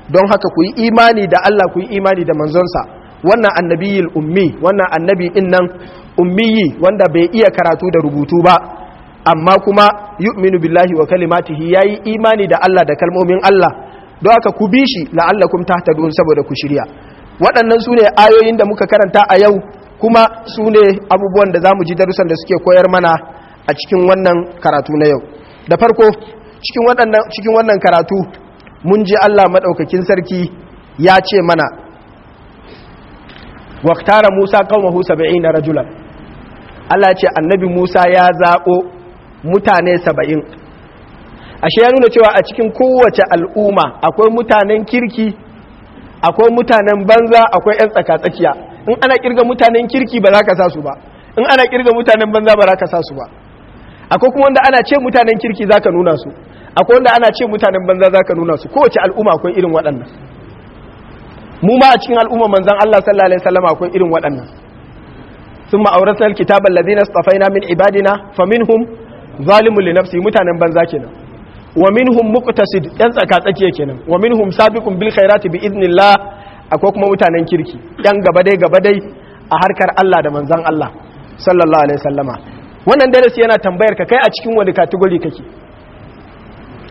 don haka ku yi imani da Allah ku yi imani da manzonsa wannan annabiyil ummi wannan annabi din nan ummiyi wanda bai iya karatu da rubutu ba amma kuma yu'minu billahi wa kalimatihi yi imani da Allah da kalmomin Allah don haka ku bi shi la'allakum tahtadun saboda ku shirya waɗannan sune ayoyin da muka karanta a yau kuma sune abubuwan da zamu ji darusan da suke koyar mana a cikin wannan karatu na yau da farko cikin wannan karatu mun ji Allah maɗaukakin sarki ya ce mana waktara musa saba'in na ra'jular. Allah ce annabi Musa ya zaɓo mutane saba'in. ashe ya nuna cewa a cikin kowace al'umma akwai mutanen kirki akwai mutanen banza akwai 'yan tsakatsakiya in ana kirga mutanen kirki ba za ka sa su ba in ana kirga mutanen banza ba za ka sa su ba akwai kuma wanda ana ce mutanen kirki za ka nuna su akwai wanda ana ce mutanen banza zaka nuna su kowace al'umma akwai irin waɗannan mu ma a cikin al'umma manzan Allah sallallahu alaihi wasallam akwai irin waɗannan thumma awrasna alkitaba alladhina istafaina min ibadina faminhum zalimun li nafsi mutanen banza kenan wa minhum muqtasid yan tsaka tsakiya kenan wa minhum sabiqun bil khairati bi idnillah akwai kuma mutanen kirki yan gaba dai gaba dai a harkar Allah da manzan Allah sallallahu alaihi wasallama wannan darasi yana tambayar ka kai a cikin wani kategori kake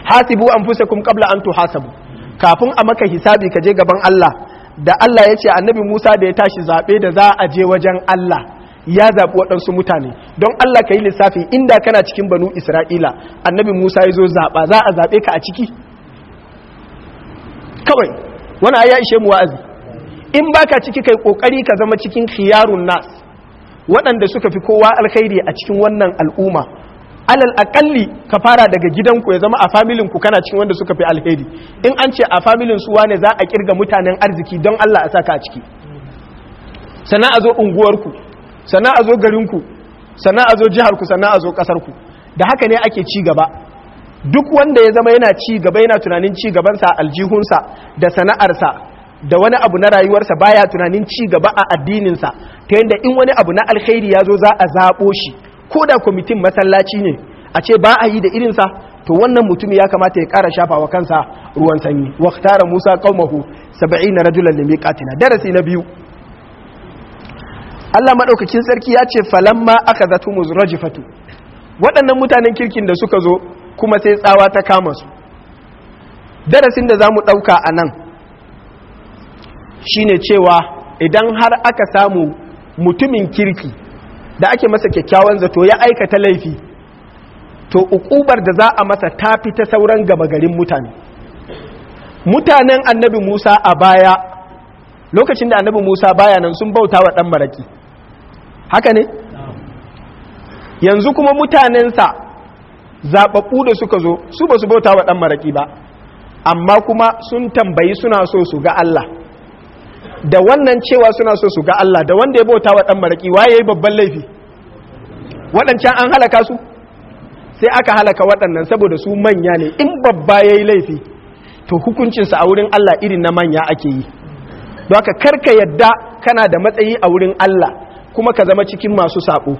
hasibu anfusakum kabla an tuhasabu kafin a maka hisabi ka je gaban Allah da Allah ya ce annabi Musa da ya tashi zabe da za a je wajen Allah ya zabi waɗansu mutane don Allah ka yi lissafi inda kana cikin banu Isra'ila annabi Musa ya zo zaɓa za a zaɓe ka a ciki kawai wani ya ishe mu wa'azi in baka ciki kai ƙoƙari ka zama cikin khiyarun nas waɗanda suka fi kowa alkhairi a cikin wannan al'umma alal akalli ka fara daga gidanku ya zama a familin ku kana cikin wanda suka fi alheri in an ce a familin su wane za a kirga mutanen arziki don Allah a saka a ciki sana a zo unguwarku sana a zo garinku sana a zo jiharku sana a zo ku da haka ne ake ci gaba duk wanda ya zama yana ci gaba yana tunanin ci gabansa aljihunsa da sana'arsa da wani abu na rayuwarsa baya tunanin ci gaba a addininsa ta yanda in wani abu na alkhairi ya zo za a zaɓo shi ko da kwamitin masallaci ne a ce ba a yi da irinsa to wannan mutum ya kamata ya kara shafa wa kansa ruwan sanyi waktara musa qaumahu 70 rajulan katina darasi na biyu Allah maɗaukacin sarki ya ce falamma akhazatumuz rajfatu waɗannan mutanen kirkin da suka zo kuma sai tsawa ta kama su darasin da za mu ɗauka nan shi shine cewa idan har aka samu mutumin kirki da ake masa kyakkyawan zato ya aikata laifi to ukubar da za a masa ta fi ta sauran gama garin mutane mutanen annabi musa a baya lokacin da annabi musa baya nan sun bauta wa ɗan maraki haka ne yanzu kuma mutanensa zaɓaɓɓu da suka zo su ba su bauta wa ɗan maraki ba amma kuma sun tambayi suna so su ga allah da wannan cewa suna so su ga Allah da wanda ya bauta wa dan maraki waye babban laifi waɗancan an halaka su sai aka halaka waɗannan saboda su manya ne in babba yayi laifi to hukuncinsa a wurin Allah irin na manya ake yi don haka karka yadda kana da matsayi a wurin Allah kuma ka zama cikin masu saɓo,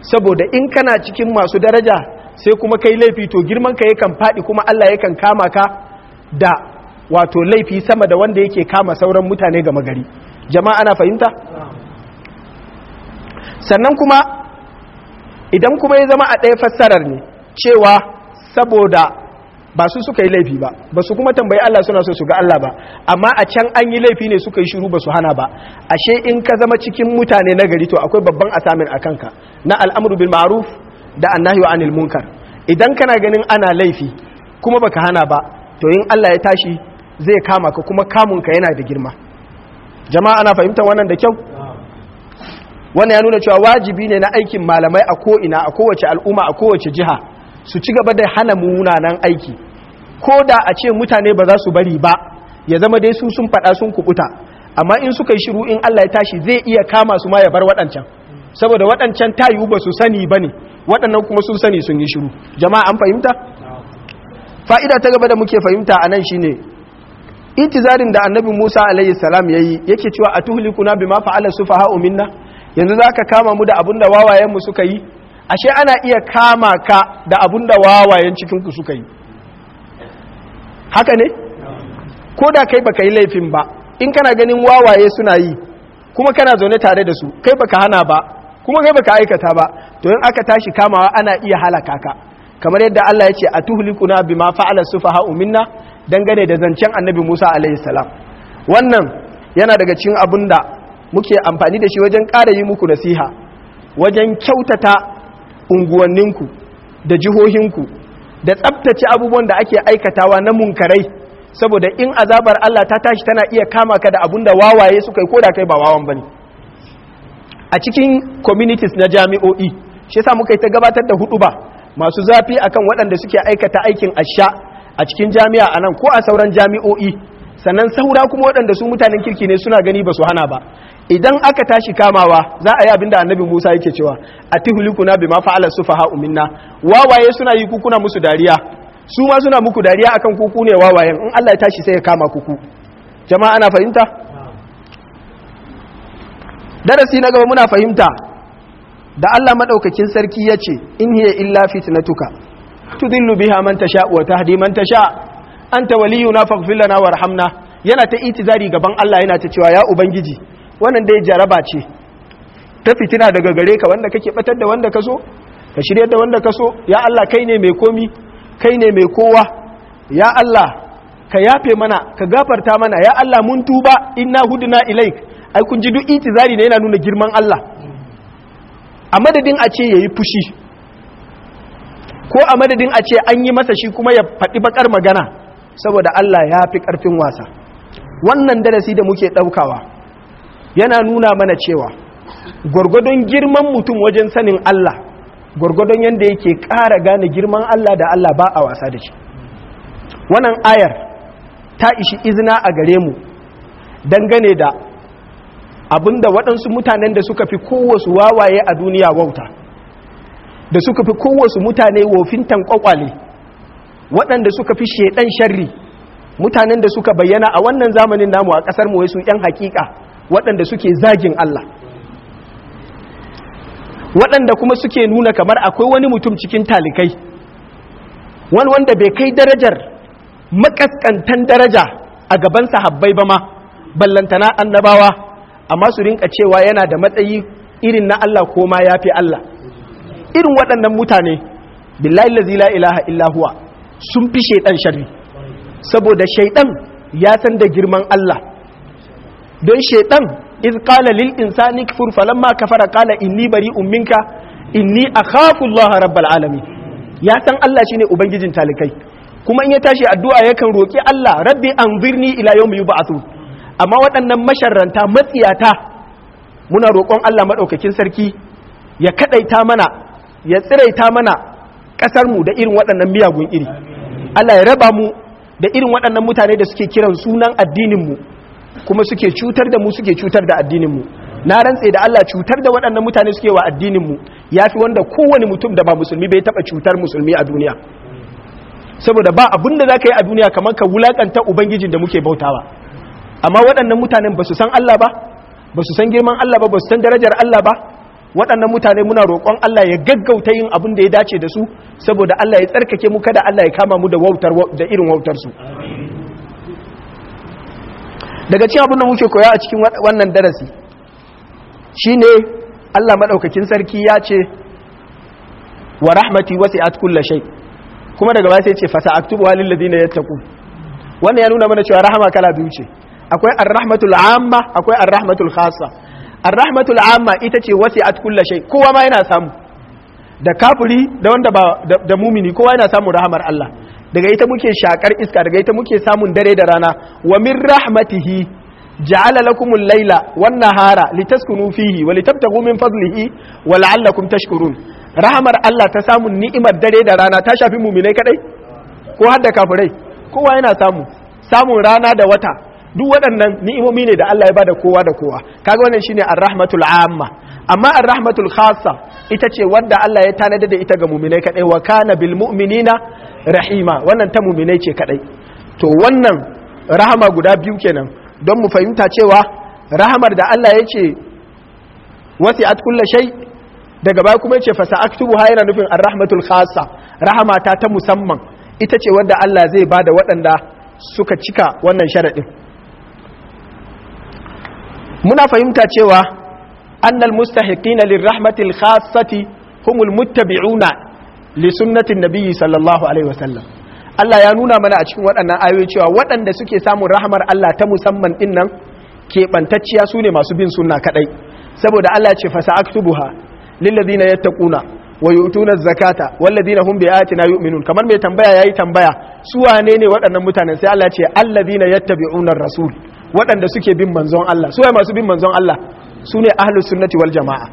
saboda in kana cikin masu daraja sai kuma kai laifi to girman ka yakan faɗi kuma Allah yakan kama ka da wato laifi sama da wanda yake kama sauran mutane gama gari jama'a ana fahimta sannan kuma idan kuma ya zama a ɗaya fassarar ne cewa saboda ba su suka yi laifi ba ba su kuma tambayi Allah suna so su ga Allah ba amma a can an yi laifi ne suka yi shiru ba su hana ba ashe in ka zama cikin mutane na gari to akwai babban asamin a kanka na al'amru bil ma'ruf da annahi wa anil munkar idan kana ganin ana laifi kuma baka hana ba to in Allah ya tashi zai kama ka kuma kamunka yana da girma jama'a ana fahimta wannan da kyau wannan ya nuna cewa wajibi ne na aikin malamai a ko'ina a kowace al'umma a kowace jiha su ci gaba da hana munanan aiki ko da a ce mutane ba za su bari ba ya zama dai su sun faɗa sun kubuta amma in suka yi shiru in Allah ya tashi zai iya kama su ma ya bar waɗancan saboda waɗancan tayu ba su sani ba ne waɗannan kuma sun sani sun yi shiru jama'a an fahimta fa'ida ta gaba da muke fahimta a nan shine itizarin da annabi Musa alayhi salam yi yake cewa atuhlikuna bima fa'ala sufaha minna yanzu zaka kama mu da abunda wawayen mu suka yi ashe ana iya kama ka da da wawayen cikin ku suka yi haka ne ko da kai baka yi laifin ba in kana ganin wawaye suna yi kuma kana zaune tare da su kai baka hana ba kuma kai baka aikata ba to in aka tashi kamawa ana iya halaka ka kamar yadda Allah ya ce atuhlikuna bima fa'ala sufaha'u minna dangane da zancen annabi musa alaihi salam wannan yana daga cikin abin da muke amfani da shi wajen ƙara yi muku nasiha wajen kyautata unguwanninku da jihohinku da tsabtace abubuwan da ake aikatawa na munkarai saboda in azabar Allah ta tashi tana iya kama ka da abin da wawaye suka yi da kai ba wawan bane a cikin communities na jami'o'i shi yasa muka yi ta gabatar da hudu ba masu zafi akan waɗanda suke aikata aikin asha a cikin jami'a a nan ko a sauran jami'o'i sannan saura kuma waɗanda su mutanen kirki ne suna gani ba su hana ba idan aka tashi kamawa za a yi abin da annabi musa yake cewa a tihulikuna bi ma fa'ala sufaha uminna wawaye suna yi kukuna musu dariya su ma suna muku dariya akan kuku ne wawayen in allah ya tashi sai ya kama kuku jama'a ana fahimta darasi na gaba muna fahimta da allah maɗaukakin sarki ya ce in hiya illa fitnatuka tudillu biha man tasha wa tahdi man tasha anta waliyuna faghfir lana warhamna yana ta itizari gaban Allah yana ta cewa ya ubangiji wannan dai jaraba ce ta fitina daga gare ka wanda kake batar da wanda kaso ka shiryar da wanda kaso ya Allah kai ne mai komi kai ne mai kowa ya Allah ka yafe mana ka gafarta mana ya Allah mun tuba inna hudna ilaik ai kun ji duk itizari ne yana nuna girman Allah a madadin a ce yayi fushi ko a madadin a ce an yi masa shi kuma ya faɗi bakar magana saboda Allah ya fi ƙarfin wasa wannan darasi da muke ɗaukawa yana nuna mana cewa gwargwadon girman mutum wajen sanin Allah gwargwadon yadda yake ƙara gane girman Allah da Allah ba a wasa da shi wannan ayar ta ishi izina a gare mu dangane da abinda waɗansu mutanen da suka fi kowasu wawaye a duniya wauta da suka fi kowasu mutane wofintan kwakwale waɗanda suka fi shaɗan sharri mutanen da suka bayyana a wannan zamanin namu a ƙasar mu su 'yan hakika waɗanda suke zagin Allah waɗanda kuma suke nuna kamar akwai wani mutum cikin talikai wani wanda bai kai darajar makaskantan daraja a gaban sahabbai ba ma ballantana annabawa amma su rinka cewa yana da matsayi irin na Allah ko ma ya fi Allah irin waɗannan mutane billahi lazi la ilaha illa sun fi shaidan sharri saboda shaidan ya san da girman Allah don shaidan iz qala lil insani kfur falamma kafara qala inni bari minka inni akhafu Allah rabbal alamin ya san Allah shine ubangijin talikai kuma in ya tashi addu'a yakan roki Allah rabbi birni ila yawmi yub'athu amma waɗannan masharranta matsiyata muna roƙon Allah maɗaukakin sarki ya kaɗaita mana ya tsiraita mana ƙasarmu da irin waɗannan miyagun iri Allah ya raba mu da irin waɗannan mutane da suke kiran sunan addininmu kuma suke cutar da mu suke cutar da addininmu na rantse da Allah cutar da waɗannan mutane suke wa addininmu ya fi wanda kowane mutum da ba musulmi bai taɓa cutar musulmi a duniya saboda ba abin da za ka yi a duniya kamar ka wulaƙanta ubangijin da muke bautawa amma waɗannan mutanen ba su san Allah ba ba su san girman Allah ba ba su san darajar Allah ba waɗannan mutane muna roƙon Allah ya gaggauta yin abin da ya dace da su saboda Allah ya tsarkake mu kada Allah ya kama mu da irin wautar su daga cikin abin da muke koya a cikin wannan darasi shi ne Allah madaukakin sarki ya ce wa rahmati wasi'at kulli shay kuma daga baya sai ya ce da lil ladina yattaqu wannan ya nuna mana cewa rahama kala biyu ce akwai ar-rahmatul amma akwai ar-rahmatul khassa ar-rahmatul amma ita ce wace at kulla kowa ma yana samu da kafuri da wanda ba da mumini kowa yana samun rahamar Allah daga ita muke shakar iska daga ita muke samun dare da rana wa min rahmatihi ja'ala lakumul laila wan nahara litaskunu fihi wa litabtaghu min fadlihi wa la'allakum tashkurun rahamar Allah ta samun ni'imar dare da rana ta shafi muminai kadai ko har da kafirai kowa yana samu samun rana da wata duk waɗannan ni'imomi ne da Allah ya bada kowa da kowa kaga wannan shine ar-rahmatul amma amma ar-rahmatul khassa ita ce wanda Allah ya tanada da ita ga mu'minai kadai wa kana bil mu'minina rahima wannan ta mu'minai ce kadai to wannan rahama guda biyu kenan don mu fahimta cewa rahamar da Allah ya ce wasi'at kulli shay' daga baya kuma yace fasa aktubu ha yana nufin ar-rahmatul khassa Rahama ta ta musamman ita ce wanda Allah zai ba da waɗanda suka cika wannan sharadin muna fahimta cewa annal mustahiqina lirrahmatil khassati humul muttabi'una li sunnatin nabiyyi sallallahu alaihi wasallam Allah ya nuna mana a cikin waɗannan ayoyi cewa waɗanda suke samun rahmar Allah ta musamman din nan keɓantacciya su ne masu bin sunna kaɗai saboda Allah ce fasa aktubuha lilladina yattaquna wa yu'tuna zakata walladina hum na ayatina yu'minun kamar mai tambaya yayi tambaya su wane ne waɗannan mutanen sai Allah ce alladina yattabi'una rasul waɗanda suke bin manzon Allah su masu bin manzon Allah su ne ahlus sunnati wal jama'a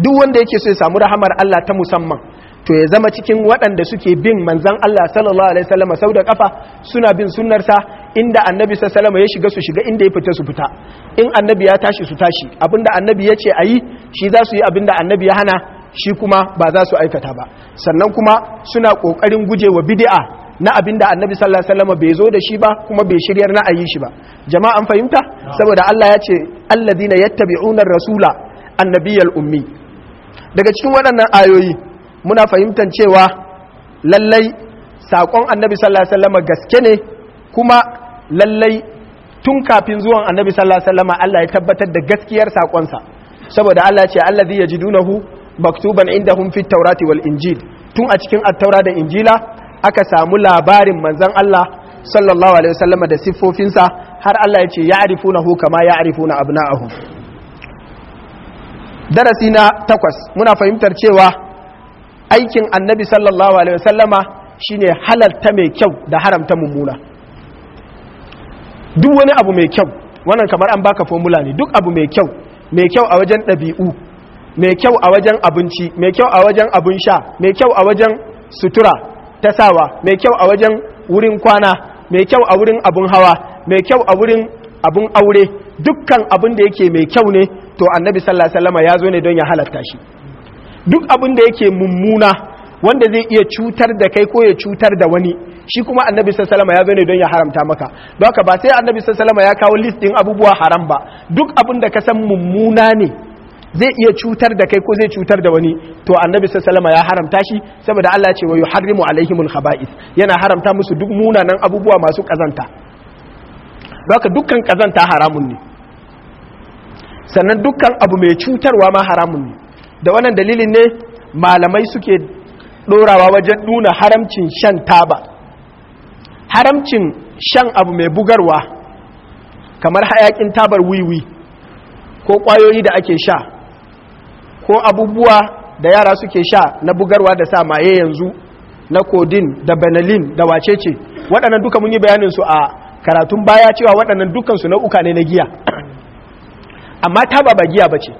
duk wanda yake so ya samu rahamar Allah ta musamman to ya zama cikin waɗanda suke bin manzon Allah sallallahu alaihi wasallam sau da kafa suna bin sunnarsa inda annabi sallallahu alaihi ya shiga su shiga inda ya fita su fita in annabi ya tashi su tashi abinda annabi ya ce a yi shi za su yi abinda annabi ya hana shi kuma ba za su aikata ba sannan kuma suna kokarin wa bid'a na abin da annabi sallallahu alaihi wasallam bai zo da shi ba kuma bai shiryar na ayi shi ba jama'a an fahimta saboda Allah ya ce alladina yattabi'una rasula annabiyal ummi daga cikin waɗannan ayoyi muna fahimtar cewa lallai sakon annabi sallallahu alaihi wasallam gaske ne kuma lallai tun kafin zuwan annabi sallallahu alaihi wasallam Allah ya tabbatar da gaskiyar sakonsa saboda Allah ya ce alladhi yajidunahu maktuban indahum fit taurati wal injil tun a cikin at-taura da injila aka samu labarin manzan Allah sallallahu alaihi wasallama da siffofinsa har Allah ya ce ya arifu na ya'rifunahu kama abu na'ahu darasi na takwas muna fahimtar cewa aikin annabi sallallahu alaihi wasallama shine halarta mai kyau da haramta mummuna duk wani abu mai kyau wannan kamar an baka formula ne duk abu mai kyau mai kyau a wajen ɗabi'u mai kyau a wajen abinci mai kyau a wajen abin sha mai kyau a wajen sutura ta sawa mai kyau a wajen wurin kwana mai kyau a wurin abun hawa mai kyau a wurin abun aure dukkan abin da yake mai kyau ne to annabi sallallahu alaihi wasallam ya zo ne don ya halatta shi duk abin da yake mummuna wanda zai iya cutar da kai ko ya cutar da wani shi kuma annabi sallama ya zo ne don ya haramta maka don haka ba sai annabi sallama ya kawo list din abubuwa haram ba duk abin da ka san mummuna ne zai iya cutar da kai ko zai cutar da wani to annabi sallama ya haramta shi saboda Allah ce wa yuharrimu alaihimul khaba'is yana haramta musu duk munanan abubuwa masu kazanta haka dukkan kazanta haramun ne sannan dukkan abu mai cutarwa ma haramun ne da wannan dalilin ne malamai suke dorawa wajen nuna haramcin shan taba haramcin shan abu mai bugarwa kamar hayakin tabar wiwi ko kwayoyi da ake sha ko abubuwa da yara suke sha na bugarwa da sa maye yanzu na kodin da benelin da wacece waɗannan duka mun yi bayanin su a karatun baya cewa waɗannan dukansu na uka ne na giya amma ta ba giya ba ce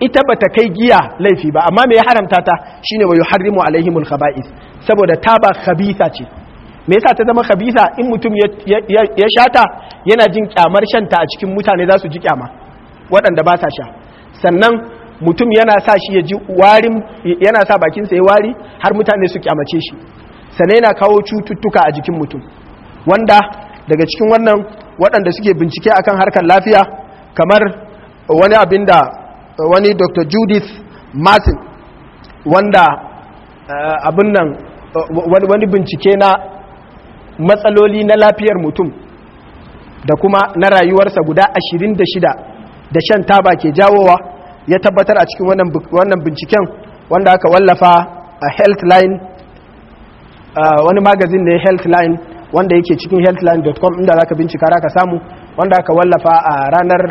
ita ba ta kai giya laifi ba amma me ya haramta ta shine wa yuharrimu alaihimul khaba'is saboda ta ba ce me yasa ta zama habisa in mutum ya shata yana jin kyamar shanta a cikin mutane za su ji kyama waɗanda ba sa sha sannan mutum yana sa shi ya ji warin yana sa bakinsa ya wari har mutane su kyamace shi sannan yana kawo cututtuka a jikin mutum wanda daga cikin wannan waɗanda suke bincike akan harkar lafiya kamar wani abin da wani dr judith martin wanda eh, abin nan wani bincike na matsaloli na lafiyar mutum da kuma na rayuwarsa guda 26 da shan taba ke jawowa ya tabbatar a cikin wannan binciken wanda aka wallafa a healthline wani magazin ne healthline wanda yake cikin healthline.com inda za ka bincika ka samu wanda aka wallafa a ranar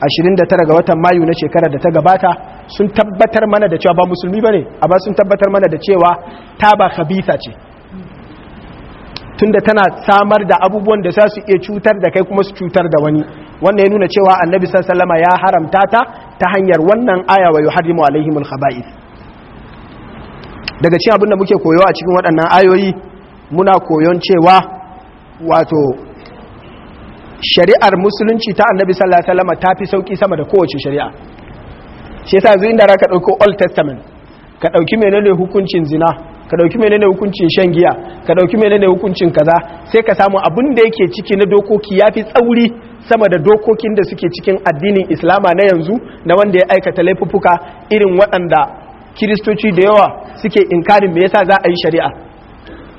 29 ga watan mayu na shekarar da ta gabata sun tabbatar mana da cewa ba musulmi ba ne amma sun tabbatar mana da cewa ta ba khabitha ce tunda tana samar da abubuwan da za su iya cutar da kai kuma su cutar da wani wannan ya nuna cewa annabi sallama ya haramta ta ta hanyar wannan aya wa yuharrimu alaihimul khaba'ith daga cikin abin da muke koyo a cikin waɗannan ayoyi muna koyon cewa wato shari'ar musulunci ta annabi sallallahu alaihi wasallam ta fi sauki sama da kowace shari'a shi yasa yanzu inda ka dauko old testament ka dauki menene hukuncin zina ka dauki menene hukuncin shan giya ka dauki menene hukuncin kaza sai ka samu abin da yake ciki na dokoki yafi tsauri sama da dokokin da suke cikin addinin islama na yanzu na wanda ya aikata laifuka irin waɗanda kiristoci da yawa suke inkarin me yasa za a yi shari'a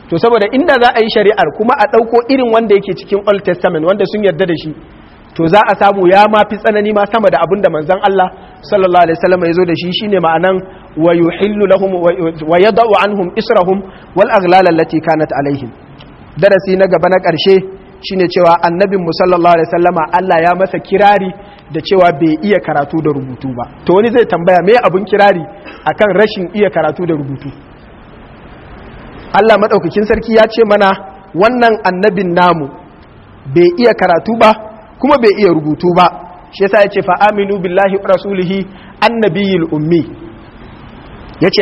to saboda inda za a yi shari'ar kuma a ɗauko irin wanda yake cikin old testament wanda sun yarda da shi to za a samu ya ma fi tsanani ma sama da abin da manzon Allah sallallahu alaihi wasallam ya zo da shi shine ma'anan wa yuhillu lahum wa yada'u anhum israhum wal aghlal allati kanat alaihim darasi na gaba na ƙarshe shine cewa annabin mu sallallahu alaihi sallama Allah ya masa kirari da cewa bai iya karatu da rubutu ba to wani zai tambaya me abun kirari akan rashin iya karatu da rubutu Allah madaukakin sarki ya ce mana wannan annabin namu bai iya karatu ba kuma bai iya rubutu ba shi yasa ya ce fa aminu billahi rasulihi annabiyil ummi yace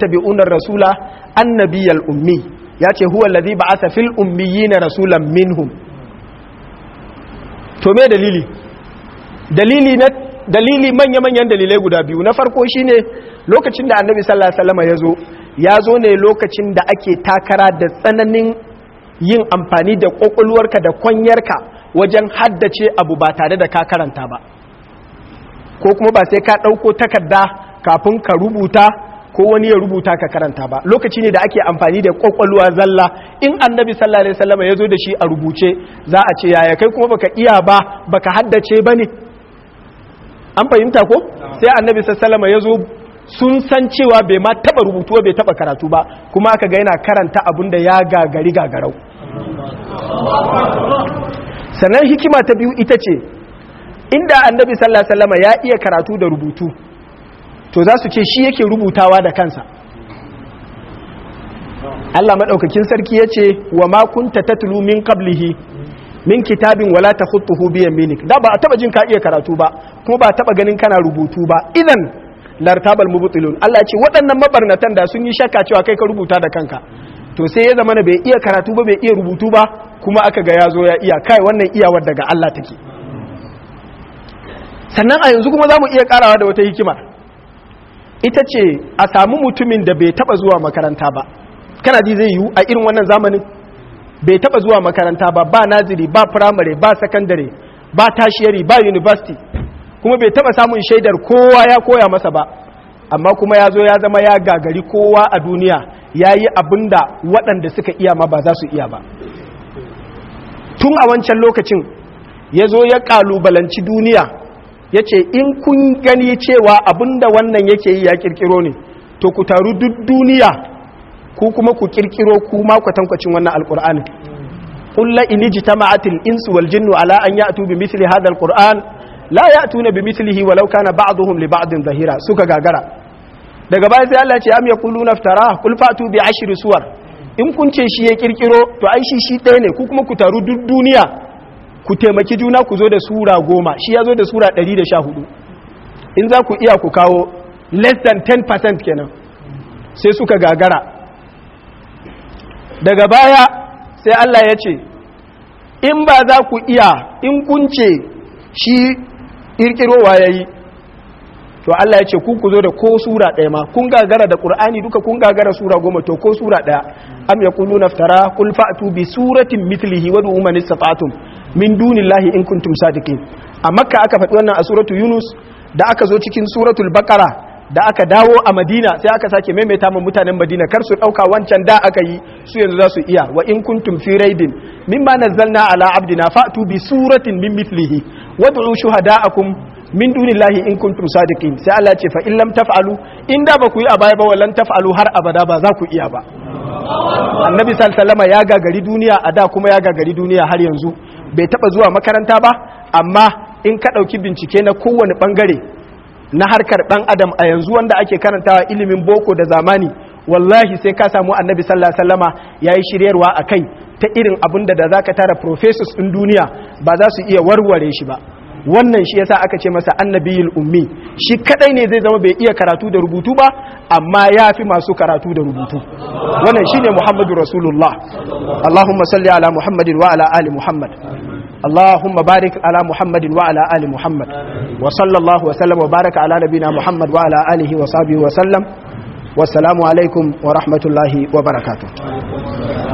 tabi unar rasula annabiyal ummi ya ce huwa lazi ba asa fil ummiyi na rasulan minhum to me dalili dalili manya-manyan dalilai guda biyu na farko shine lokacin da annabi sallallahu alaihi wasallam ya zo ya zo ne lokacin da ake takara da tsananin yin amfani da ƙwaƙwalwarka da kwanyarka wajen haddace abu ba tare da ka karanta ba ko kuma ba sai ka ɗauko takarda kafin ka rubuta ko wani ya rubuta ka karanta ba lokaci ne da ake amfani da kwakwalwa zalla in annabi sallallahu alaihi wasallam ya zo da shi a rubuce za a ce yaya kai kuma baka iya ba baka haddace ba ne an fahimta ko sai annabi sallallahu alaihi wasallam ya zo sun san cewa bai ma taba rubutu bai taba karatu ba kuma aka ga yana karanta abin da ya gagari gagarau sannan hikima ta biyu ita ce inda annabi sallallahu alaihi wasallam ya iya karatu da rubutu to za su ce shi yake rubutawa da kansa Allah maɗaukakin sarki ya ce wa makunta tatlu min qablihi min kitabin wala ta hutu bi yaminik da ba a taba jin ka iya karatu ba kuma ba a taba ganin kana rubutu ba idan lartabal mubtilun Allah ce waɗannan mabarnatan da sun yi shakka cewa kai ka rubuta da kanka to sai ya zama bai iya karatu ba bai iya rubutu ba kuma aka ga ya zo ya iya kai wannan iyawar daga Allah take sannan a yanzu kuma za mu iya karawa da wata hikimar ita ce a samu mutumin da bai taba zuwa makaranta ba kana zai yiwu a irin wannan zamanin bai taba zuwa makaranta ba ba naziri ba firamare ba sakandare ba tashiyari ba university kuma bai taba samun shaidar kowa ya koya masa ba amma kuma ya zo ya zama ya gagari kowa a duniya ya yi abin da waɗanda suka iya ma ba za su iya ba tun a wancan lokacin ya zo ya ƙalubalanci duniya ya ce in kun gani cewa abinda wannan yake yi ya kirkiro ne to ku taru duk duniya ku kuma ku kirkiro ku makwatankwacin wannan alkur'ani kulla in ji ta ma'atil insu wal jinnu ala an ya bi misli hadal qur'an la ya tuna bi mislihi walau kana ba'duhum li ba'din zahira suka gagara daga baya sai Allah ya ce am yaquluna iftara qul fa'tu bi ashri suwar in kun ce shi ya kirkiro to ai shi shi ɗaya ne ku kuma ku taru duk duniya ku taimaki juna ku zo da sura goma shi ya zo da sura 114 in za ku iya ku kawo less than 10% kenan sai suka gagara daga baya sai Allah ya ce in ba za ku iya in kunce shi ƙirƙirowa ya yi to Allah ya ce kun ku zo da ko sura ɗaya ma kun gagara da ƙur'ani duka kun gagara sura goma to ko sura ɗaya am ya kullu naftara kulfatu bi suratin mitlihi wa du'u min dunillahi in kuntum sadiqin a makka aka faɗi wannan a suratu yunus da aka zo cikin suratul baqara da aka dawo a madina sai aka sake maimaita ma mutanen madina kar su ɗauka wancan da aka yi su yanzu za su iya wa in kuntum fi raibin mimma nazzalna ala abdina fa'tu bi suratin min mithlihi wad'u shuhada'akum min dunillahi in kuntum sadiqin sai Allah ce fa in taf'alu in da ba ku yi a baya ba wallan taf'alu har abada ba za ku iya ba annabi sallallahu alaihi ya gagari duniya a da kuma ya gagari duniya har yanzu bai taba zuwa makaranta ba amma in ka ɗauki bincike na kowane ɓangare na harkar ɗan adam a yanzu wanda ake karantawa ilimin boko da zamani wallahi sai ka samu annabi sallallahu alaihi wasallama yayi shiryarwa akai ta irin abin da da zaka tara professors din duniya ba za su iya warware shi ba wannan shi yasa aka ce masa annabiyul ummi shi kadai ne zai zama bai iya karatu da rubutu ba amma ya fi masu karatu da rubutu wannan shine muhammadu rasulullah allahumma salli ala muhammadin wa ala ali muhammad اللهم بارك على محمد وعلى آل محمد وصلى الله وسلم وبارك على نبينا wa وعلى آله وصحبه وسلم والسلام wa ورحمة wa وبركاته